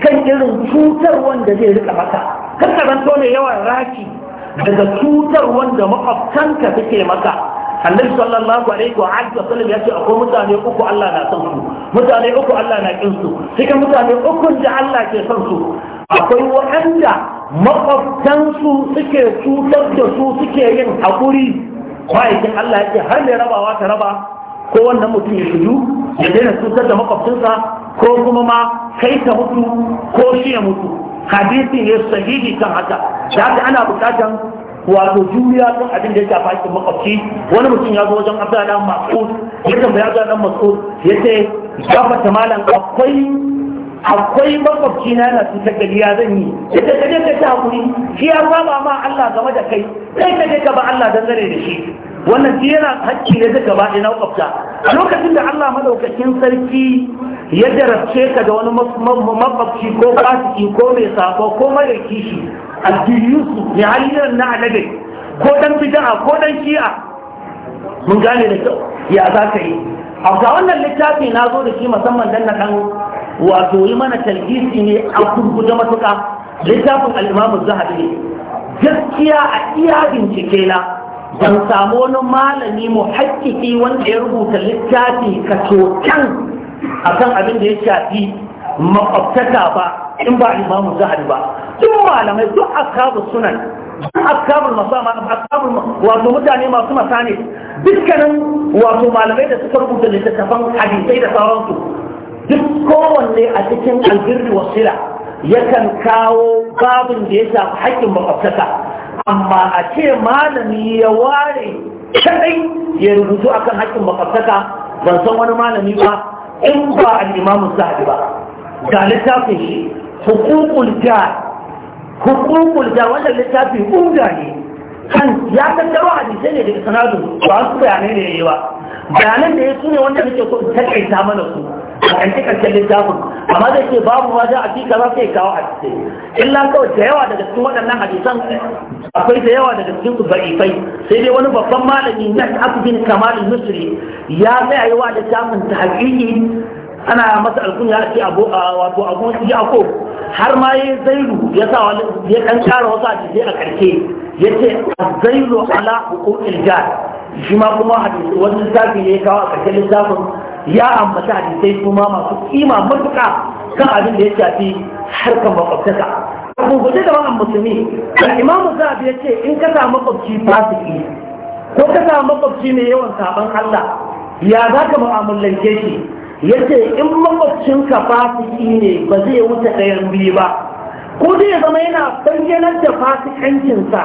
kan irin cutar wanda zai rika maka Ka karanto ne yawan raki daga cutar wanda makwabtanka suke maka annabi sallallahu alaihi wa alihi ya yace akwai mutane uku Allah na son su mutane uku Allah na kin su cikin mutane uku da Allah ke son su akwai wanda makwabtansu suke cutar da su suke yin haƙuri kwayakin Allah yake har mai rabawa ta raba ko wannan mutum ya shudu ya daina cutar da makwabtansa ko kuma ma kai ta mutu ko shi ya mutu hadisi ya sahihi kan haka da haka ana buƙatan wato juriya kan abin da ya shafa makwabci wani mutum ya zo wajen abdullahi mas'ud ya tambaya ga dan mas'ud ya ce ya fata malam akwai akwai makwabci na yana cutar da ya zan yi yadda ka ka ta hakuri shi ya saba ma Allah game da kai sai ka je ka ba Allah dangane da shi wannan shi yana hakki ne duka ba ina makwabta a lokacin da Allah madaukakin sarki ya jarabce ka da wani makwabci ko fasiki ko mai sako ko mara kishi addiyusu mai hanyar na alagai ko dan bid'a ko dan shi'a mun gane da kyau ya za ka yi a ga wannan littafi na zo da shi musamman dan na kan wato yi mana talgisi ne a kurkuta matuka littafin al'imamu zahabi gaskiya a iya bincike na ban samu wani malami mu haƙƙiƙi wanda ya rubuta littafi ka kacokan a kan abin da ya shafi makwabtaka ba in ba al'imamu zahabi ba duk malamai duk akabu sunan duk akabul masama akabul wato mutane masu masane dukkanin wato malamai da suka rubuta littattafan hadisai da sauransu duk kowanne a cikin albirri wasila yakan kawo babin da ya shafi haƙƙin makwabtaka amma a ce malami ya ware kadai ya rubutu akan haƙƙin makwabtaka ban san wani malami ba in ba al'imamun sahabi ba ga littafin shi hukukul jar hukukul jar wannan littafin ƙunga ne kan ya tattaro hadisai ne daga sanadu ba su bayanai ne yi ba bayanan da ya su ne wanda nake so in takaita mana su a kan ci karshen littafin amma zai ce babu ma za a ci kaza sai kawo a cikin illa kawai da yawa daga cikin waɗannan hadisan akwai da yawa daga cikin ba'ifai sai dai wani babban malami na abdin kamalin misri ya tsaya yi wa littafin ta haƙiƙi ana masa alkunya a ce a wato abu ko. har ma ya zairu ya sa wani ya ɗan ƙara wasu hadisai a ƙarshe ya ce zairu ala hukukil jar shi ma kuma hadisi wani littafi ne ya kawo a ƙarshen littafin ya ambata hadisai ma masu kima matuka kan abin da ya shafi harkar makwabtaka rubuce da wannan musulmi da imam zabi ya ce in ka samu makwabci fasiki ko ka samu makwabci mai yawan sabon Allah ya za ka mu'amalance shi ya ce in makwabcinka fasiki ne ba zai wuce ɗayan biyu ba ko zai zama yana bayyanar da fasikancinsa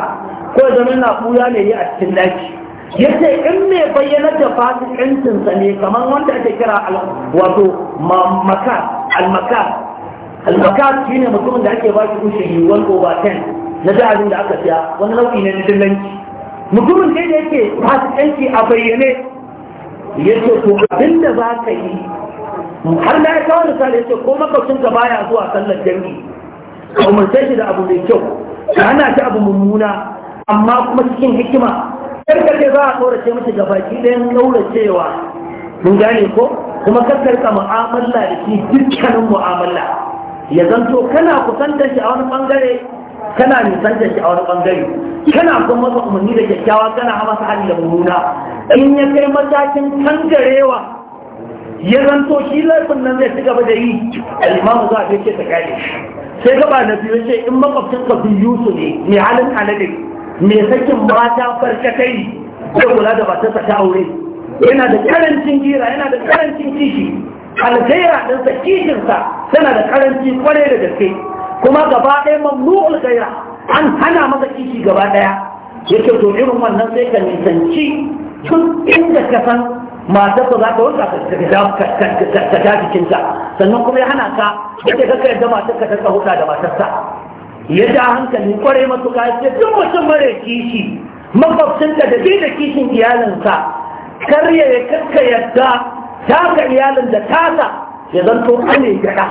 ko zama yana ɓuya ne a cikin daki ce in mai bayyana da fasikancinsa ne kamar wanda ake kira wato maka almaka almaka shi ne mutumin da ake ba shi kushi wani over ten na abin da aka siya wani nau'i ne na dillanci mutumin ne da yake fasikanci a bayyane ce to abin da za ka yi har na ya kawo misali yace ko ka baya zuwa sallar jami'i ka umarce shi da abu mai kyau ka hana shi abu mummuna amma kuma cikin hikima karkace za a tsorace mace ga baki ɗayan kauracewa mun gane ko kuma karkarka mu'amala da shi dukkanin mu'amala ya zanto kana kusantar shi a wani ɓangare. kana nisantar shi a wani ɓangare. kana kuma masa umarni da kyakkyawa kana hama sa hali da mummuna in ya kai matakin kangarewa ya zanto shi laifin nan zai ci gaba da yi alimamu za a ce ta kare sai gaba na biyu ce in makwabcinka biyu su ne mai halin aladin mai sakin mata farkatai zai kula da matarsa ta aure yana da karancin gira yana da karancin kishi sa kishin sa tana da karanci kware da gaske kuma gaba ɗaya mamnu'ul gaira an hana masa kishi gaba ɗaya yake to irin wannan sai ka nisanci tun inda ka san matarsa za ta wanka ka ta jikinta sannan kuma ya hana ka yadda ka mata matarka ta huta da matarsa ya ja hankali kwarai matuƙa ya ce duk mutum mara kishi makwabcinka da bai da kishin iyalinsa karya ya kanka yadda ka iyalin da tasa ya zanto ane gada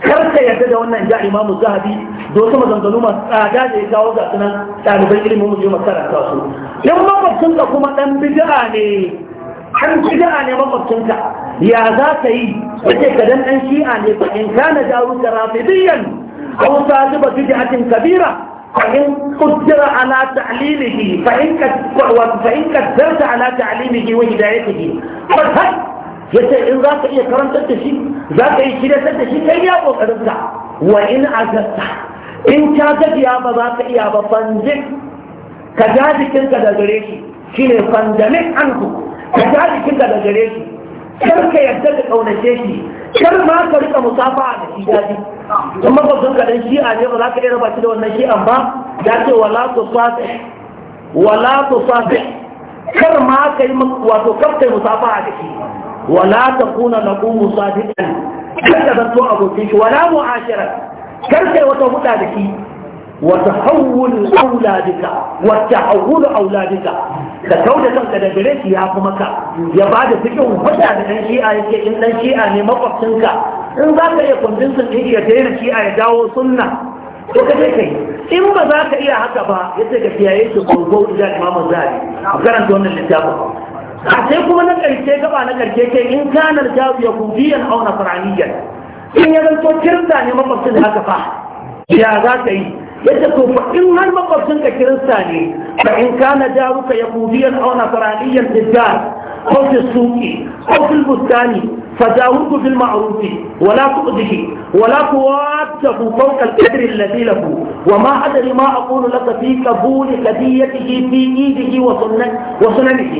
karka yadda da wannan ja imamu zahabi da wasu maganganu masu tsada da ya kawo ga sunan ɗaliban ilimin mu je ta su in makwabcinka kuma ɗan bid'a ne an bid'a ne makwabcinka ya za ka yi kace ka dan ɗan shi'a ne fa in kana da wuta rafidiyan أو صاحب بدعة كبيرة فإن قدر على تعليله فإن فإن قدرت على تعليمه وهدايته فهل yace in za ka iya karantar da shi za ka yi shirya da shi kai ya kokarinka wa in azasta in ka gajiya ba za ka iya ba fanzik ka ja jikinka da gare shi ka da gare shi kar ka yarda ka kaunace shi kar ma ka rika musafa da shi gaji. In ba sun kaɗan shi'a ne ba za ka iya shi da wannan shi. ba ya ce wala ku safi wala safi kar ma ka yi wato kar ka yi musafa da shi wala ta kuna na kar ka zanto abokin shi wala mu'ashirar kar ka yi wata huɗa da shi وتحول أولادك وتحول أولادك كتولة كدبريت يا فمك يا بعد فكره فتا من شيئا يكي إن شيئا لمقف سنك إن ذاك يكون جنس الإنك يتين شيئا يداو سنة وكذلك إن ذاك إيا حتى با يتك فيها يسو قلبو إذا إمام الزالي أكرم دون الإجابة أسيكم أنا كريتي كبا أنا كريتي إن كان الجاب يهوديا أو نصرانيا إن يدل تكرم داني مقف سنك فا يا ذاك إيه yadda to fa in har makwabcin ka kirista ne fa in kana jaruka yahudiyan aw nasraniyan tijjar aw fi suqi aw fi bustani بالمعروف ولا تؤذه ولا تواجه فوق القدر الذي له وما ادري ما اقول لك في قبول هديته في ايده وسننه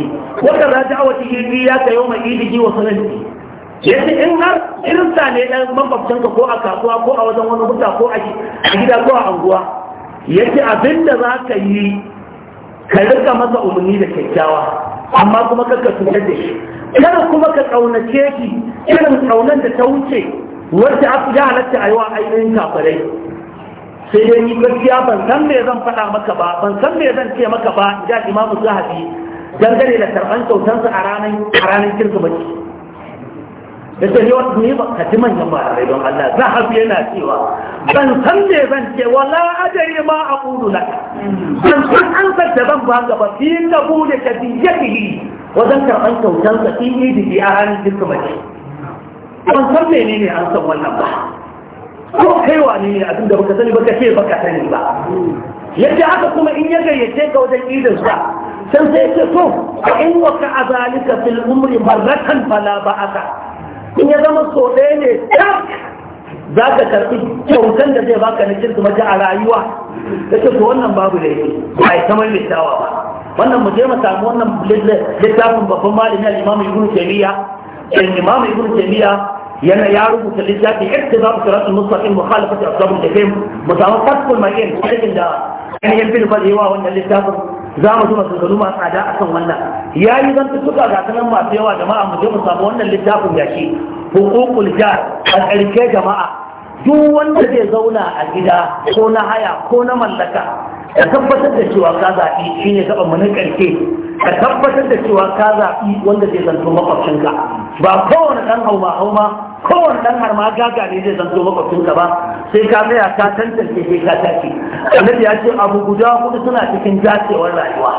وكذا دعوته اياك يوم ايده وسننه yanzu in har kirista ne dan makwabcinka ko a kasuwa ko a wajen wani wuta ko a gida ko a anguwa yace abinda za ka yi ka rika masa umarni da kyakkyawa amma kuma ka cutar da shi kada kuma ka kaunace shi irin kaunar da ta wuce wacce aka ya halatta a yi wa ainihin kafirai sai dai ni gaskiya ban san me zan faɗa maka ba ban san me zan ce maka ba ja imamu zahabi dangane da karɓan kyautansa a ranar kirkimaci da ta yau ni ba ka ji manyan malamai don Allah za zahabi yana cewa ban san me zan ce wala ajari ma kudu na ban san an da zan ba gaba fi kabul yi wajen karɓar kyautar sa fi ke a hannun duk mace ban san ne an san wannan ba ko kaiwa ne ne abin da baka sani baka ce baka sani ba yadda haka kuma in ya gayyace ka wajen idan sa san sai ce to in waka azalika fil umri marratan fala ba'aka in ya zama so ɗaya ne za ka karɓi kyautan da zai baka na kirkimaji a rayuwa da ce wannan babu da yake ba ya samar mai tawa ba wannan mu je mu samu wannan littafin babban malami al-imam ibn taymiya
al-imam ibn
taymiya yana ya rubuta littafi ittiba'u siratul mustaqim mukhalafati musu jahim mu samu fatkul mayin cikin da ainihin bin fadiwa wannan littafin za mu ji maganganu masu tsada a kan wannan ya yi zan tuka ga sanan masu yawa jama'a mu je mu samu wannan littafin ce hukukul jar a ƙarshe jama'a duk wanda zai zauna a gida ko na haya ko na mallaka ka tabbatar da cewa ka zaɓi shi ne zaɓa mu na ƙarshe ka tabbatar da cewa ka zaɓi wanda zai zanto makwabcinka ba kowane ɗan hauma hauma kowane dan har ma gaga ne zai zanto makwabcinka ba sai ka tsaya ka tantance sai ka tashi annabi ya ce abu guda hudu suna cikin jacewar rayuwa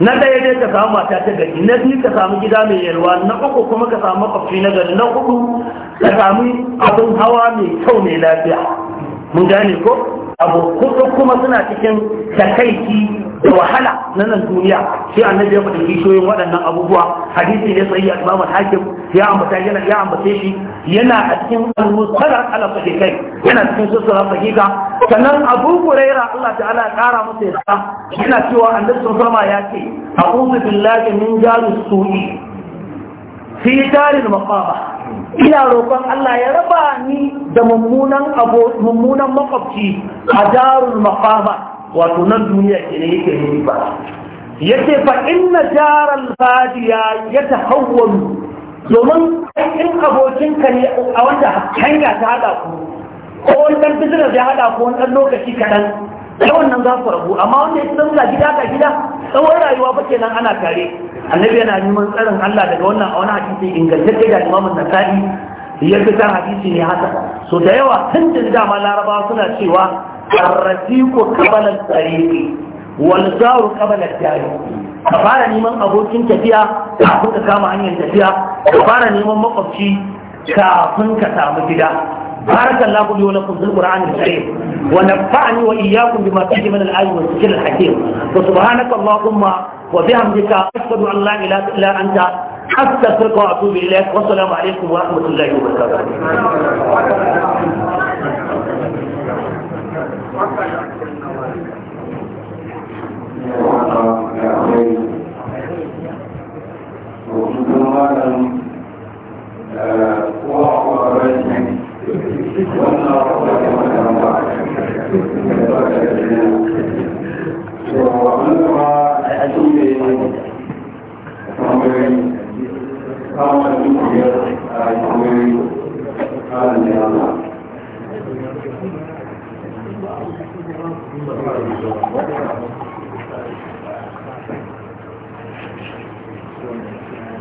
na ɗaya dai ka samu mata ta gari na biyu ka samu gida mai yalwa na uku kuma ka samu makwabci na gari na hudu ka samu abin hawa mai kyau mai lafiya mun gane ko abu hudu kuma suna cikin takaici da wahala na nan duniya sai annabi ya faɗi kishiyoyin waɗannan abubuwa hadisi ne sahihi a imam hakim ya ambata yana ya ambace shi yana a cikin al-musara ala kai yana cikin susura fahika sannan Abu Huraira Allah ta'ala ya kara masa yasa yana cewa annabi sallallahu alaihi ya ce a'udhu billahi min jaru su'i fi daril maqama ina roƙon Allah ya raba ni da mummunan abo mummunan makwabci a darul maqama wato nan duniya ke kenan yake ne ba yace fa inna jaral fadiya yatahawwalu domin in abokinka ne a wanda hanga ta haɗa ku ko wani ɗan business ya haɗa ku wani ɗan lokaci kaɗan yawan nan za ku rabu amma wanda ya san ga gida ga gida tsawon rayuwa ba kenan ana tare annabi yana neman tsarin Allah daga wannan a wani hadisi ingantacce da imamun nasari ya fitar hadisi ne haka so da yawa tun da dama larabawa suna cewa arrasiku qabala kabalar tariqi wal zaru qabala al ka fara neman abokin tafiya kafin ka kama hanyar tafiya ka fara neman makwabci kafin ka samu gida barakan lafi yau na kuzin ƙura'an da tsare wa nafa'ani wa iyakun bi masu jimin al'ayi wa cikin al'akir wa subhanaka allahumma wa bi hamdika asadu allah ila ila anta hatta wa atubu ilayk wa salamu alaikum wa rahmatullahi wa
malam kowa kowa bai wannan kowa da wannan ba da ba da jina to wannan kuma a cikin tambayoyi kama da dukiyar a tambayoyi kalan da yana Thank you.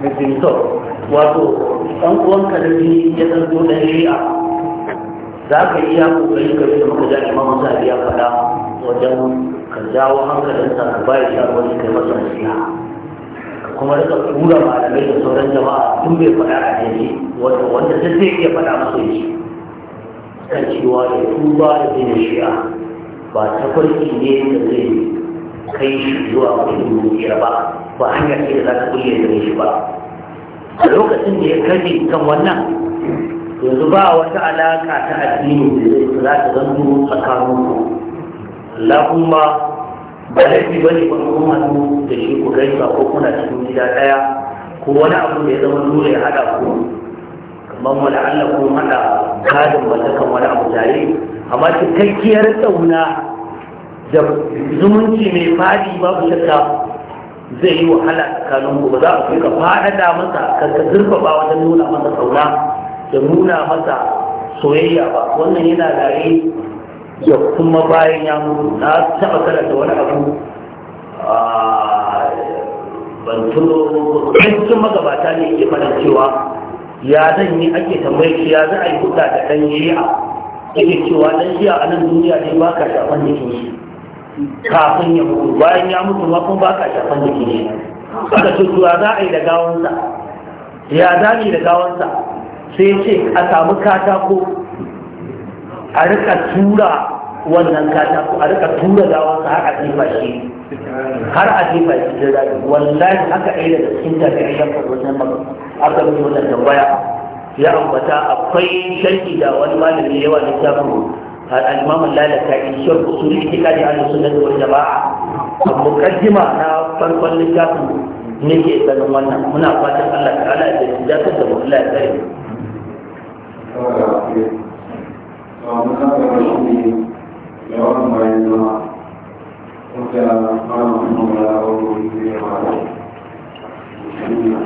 musulmitor wato ɗan ka da jini ya zanto da shi'a za ka iya kokari ka da muka ja imamu sa'adi ya faɗa wajen ka jawo hankalinsa ka bayar shawarwari kai masa nasiha ka kuma rika tura malamai da sauran jama'a tun bai faɗa a jini wato wanda ta zai iya faɗa masa yi kan cewa da tuba da jini shi'a ba tafarki ne da zai kai shi zuwa wani duniya ba ba hanyar ce da za ka kulle da shi ba a lokacin da ya kaje kan wannan yanzu ba wata alaka ta addini da zai za ta zanto tsakanin ku Allahumma ba laifi ba ne kuma kuma da shi ku gaisa ko kuna cikin gida ɗaya ko wani abu da ya zama dole ya haɗa ku kamar wani Allah ko haɗa kadin wata kan wani abu tare amma cikakkiyar tsauna da zumunci mai fadi babu shakka zai yi wahala tsakanin ku ba za a ka faɗaɗa masa ka ka zurfafa wajen nuna masa kauna da nuna masa soyayya ba wannan yana raye da kuma bayan ya mutu na taɓa karanta wani abu ban tuno cikin magabata ne ke faɗin cewa ya zan yi ake tambayar shi ya za a yi kuɗa da ɗan yi'a yake cewa ɗan jiya a nan duniya ne ba ka shafan jikin shi kafin ya mutu bayan ya mutu ma kuma ba ka shafan jiki ne aka ce to za a yi da gawansa ya zani da gawansa sai ce a samu katako a rika tura wannan katako a rika tura gawansa har a jefa shi har a jefa shi da rami wallahi haka ɗaya da cikin tafiya ya faru wannan magana aka bi wannan tambaya ya ambata akwai shanki da wani malami yawa littafin الإمام اللالكائي شرح أصول اعتقاد أهل السنة والجماعة المقدمة أنا فرق للكاف نجي بنوانا هنا فاتح الله تعالى إذا تدعو الله
تعالى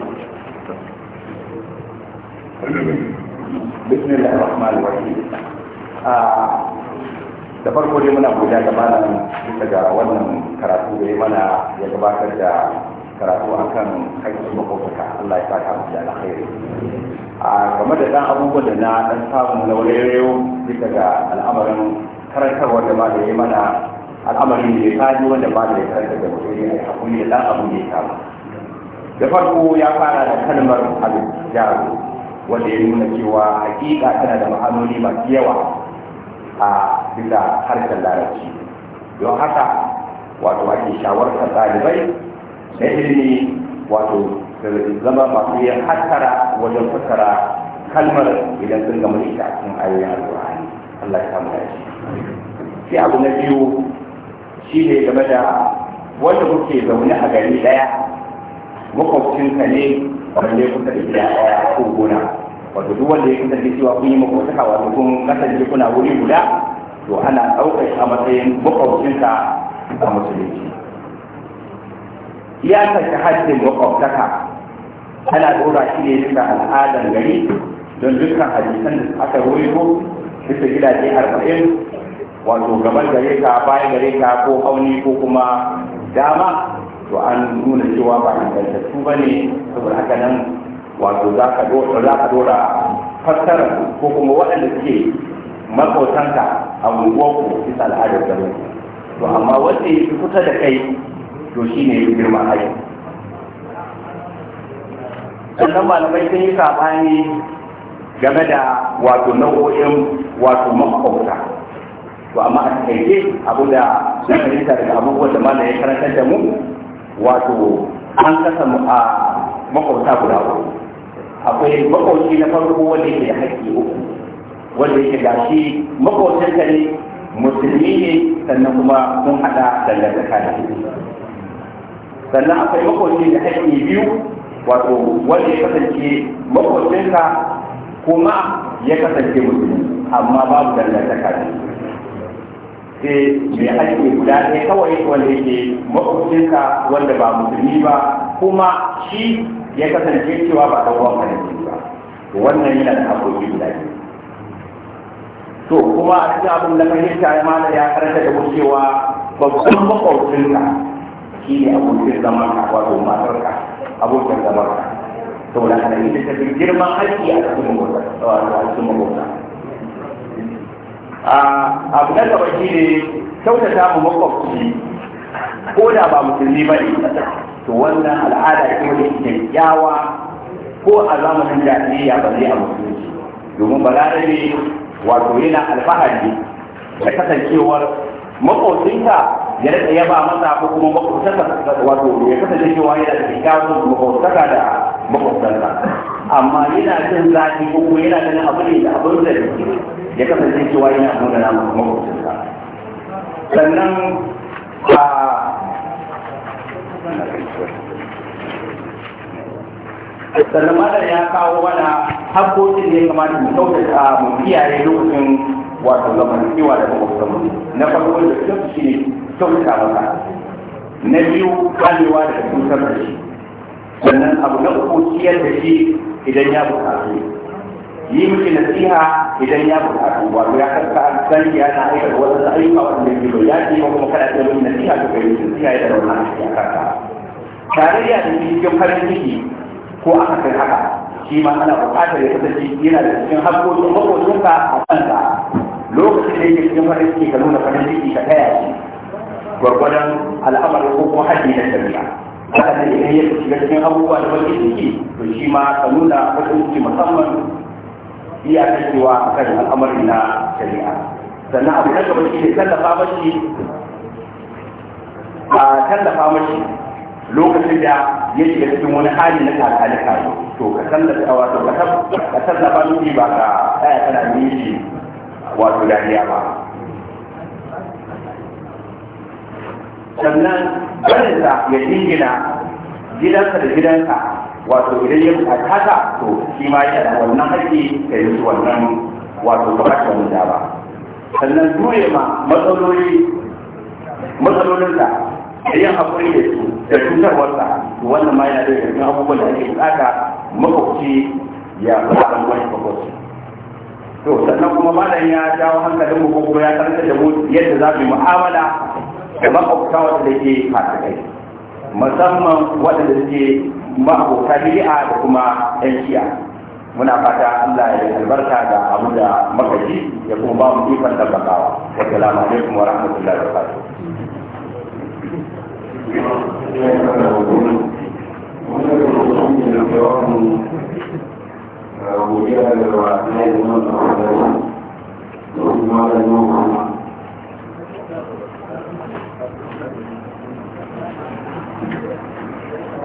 بسم الله الرحمن الرحيم da farko dai muna godiya ga malam bisa ga wannan karatu da ya mana ya gabatar da karatu kan haƙƙin makwabta Allah ya saka mu da alkhairi a game da dan abubuwan da na dan samu na rayo bisa ga al'amarin karantarwa da ma da ya mana al'amarin da ya kaji wanda ba da ya karanta da mutum ya hakuri da dan abu da ya samu da farko ya fara da kalmar al-jaru wanda ya nuna cewa hakika tana da ma'anoni masu yawa a bisa harkar larabci don haka wato ake shawartar ɗalibai na ilimi wato zama masu yin hattara wajen fassara kalmar idan sun gama shi a cikin ayoyin alƙur'ani Allah ya samu dace sai abu na biyu shi ne game da wanda kuke zaune a gari daya makwabcinka ne wanda kusa da gida daya ko gona wato duk wanda ya kasance cewa kun yi makwabtaka wato kun kasance kuna wuri guda to ana ɗaukar a matsayin makwabcinka a musulunci ya kashe haddin makwabtaka ana ɗora shi ne duka al'adar gari don dukkan hadisan da aka ko bisa gidaje arba'in wato gaban gare ka bayan gare ka ko auni ko kuma dama to an nuna cewa ba ingantattu ba ne saboda haka nan wato za ka dora fassara ko kuma waɗanda suke makotanka a unguwarku bisa al'adar garin to amma wanda ya fi kusa da kai to shi ne ya girma aiki sannan malamai sun yi saɓani game da wato nau'o'in wato makauta to amma a takaice abu da na fahimta daga abubuwan da malam ya karantar da mu wato an kasa a makauta guda uku akwai makoci na farko wanda yake da haƙƙi uku wanda yake gashi ka ne musulmi ne sannan kuma sun haɗa dangantaka da sannan akwai makoci da haƙƙi biyu wato wanda ya kasance ka kuma ya kasance musulmi amma babu dangantaka da sai eh, mai haƙƙi guda ne kawai wanda yake ka wanda ba musulmi ba kuma shi ya kasance cewa ba ɗan uwan ba wannan yana da abokin guda biyu to kuma a cikin abin da fahimta ya mala ya karanta da wucewa babban makwabcinka shi ne abokin zaman ka wato matarka abokin zaman ka saboda haka ita ta fi girman haƙƙi a cikin makwabta abu na gaba shi ne kyautata mu makwabci ko da ba musulmi ba ne to wannan al'ada ce wani kyakkyawa ko a zamanin jahiliya ba zai a musulunci domin ne wato yana alfahari da kasancewar makocinka ya rika ba masa ko kuma makocinka wato ya kasance cewa yana da kyakkyawan makocinka da makocinka amma yana jin zafi ko kuma yana ganin abu ne da abin da ya kasance cewa yana nuna na makocinka sannan a sannan ya kawo mana hakkokin ne kamata mutum da mu kiyaye lokacin wato zamantakewa da makwabtan mu na farko da kyau shi ne kyautata kawo na biyu kamewa da cutar da shi sannan abu na uku ciyar da shi idan ya buƙaci yi miki nasiha idan ya buƙatu wato ya karka sani ya na aikata wasu ayyuka wanda ke bai dace ba kuma kada ta yi nasiha to kai nasiha ya da wannan ya karka tarayya da cikin farin ciki ko aka kai haka shi ma ana buƙatar ya kasance yana da cikin haƙƙoƙin maƙocinka a kanka lokacin da yake cikin farin ciki ka nuna farin ciki ka taya shi gwargwadon al'amarin ko kuma haƙƙi na shari'a haka ne idan ya shiga cikin abubuwa da bakin ciki to shi ma ka nuna bakin ciki musamman iya kacewa a kan al'amari na shari'a sannan abu na gaba shi ne tallafa mashi a tallafa mashi lokacin da ya shiga cikin wani hali na kakalika to ka tallafa wato ka tallafa mashi ba ka tsaya kana yi shi wato dariya ba sannan barinsa ya jingina gidansa da gidansa wato idan ya buƙaci haka to shi ma yana wannan haƙƙi ka yi su wannan wato kamar ka wanda ba sannan dole ma matsaloli matsalolin da yin haƙuri da su da cutarwarsa to wannan ma yana da cikin abubuwan da ake buƙata makwabci ya fara wani makwabci to sannan kuma malam ya jawo hankalin mu kuma ya karanta da mu yadda za mu yi mu'amala da makwabta wanda ke fasikai musamman waɗanda suke ma'abota bid'a da kuma yan shi'a muna fata Allah ya albarka da abu da makaji ya kuma ba mu ikon tabbatawa wassalamu alaikum wa rahmatullahi wa
Thank you.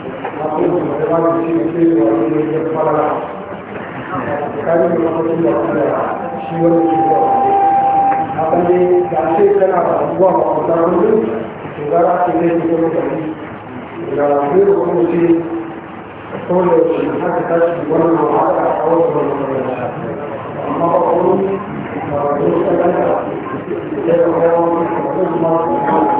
نقول بخلاف الشيء كيف وعليه يغفر له كان من الرسول شيء ولا આપણે જાતે તેના ભગવા ઉદાહરણ સુધારા કેવી રીતે કરી ઉદાહરણ રોગોથી તોલે ના કદાચ જીવનનો આધાર આવો બનવાનો છે અમારો કોણ દોસ્ત કદાચ જે કોણ કોણ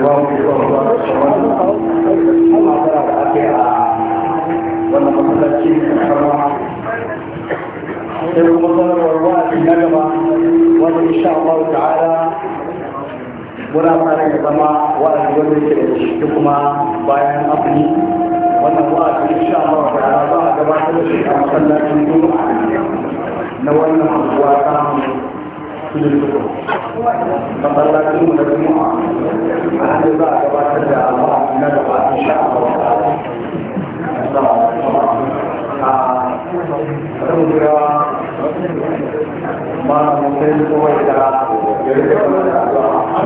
muna fara ya zama wa'azi wanda yake da shi kuma bayan afini wannan wa'azi insha Allah da za a gabatar da shi a masallacin juma'a na wannan anguwa ta masallacin mu na a hannun za a gabatar da
na gaba insha a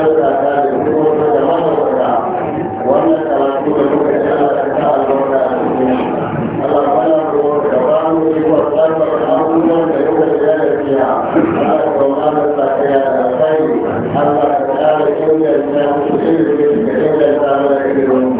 Allah ta ƙara kyautata musu ilimin da kyautata mana ilimin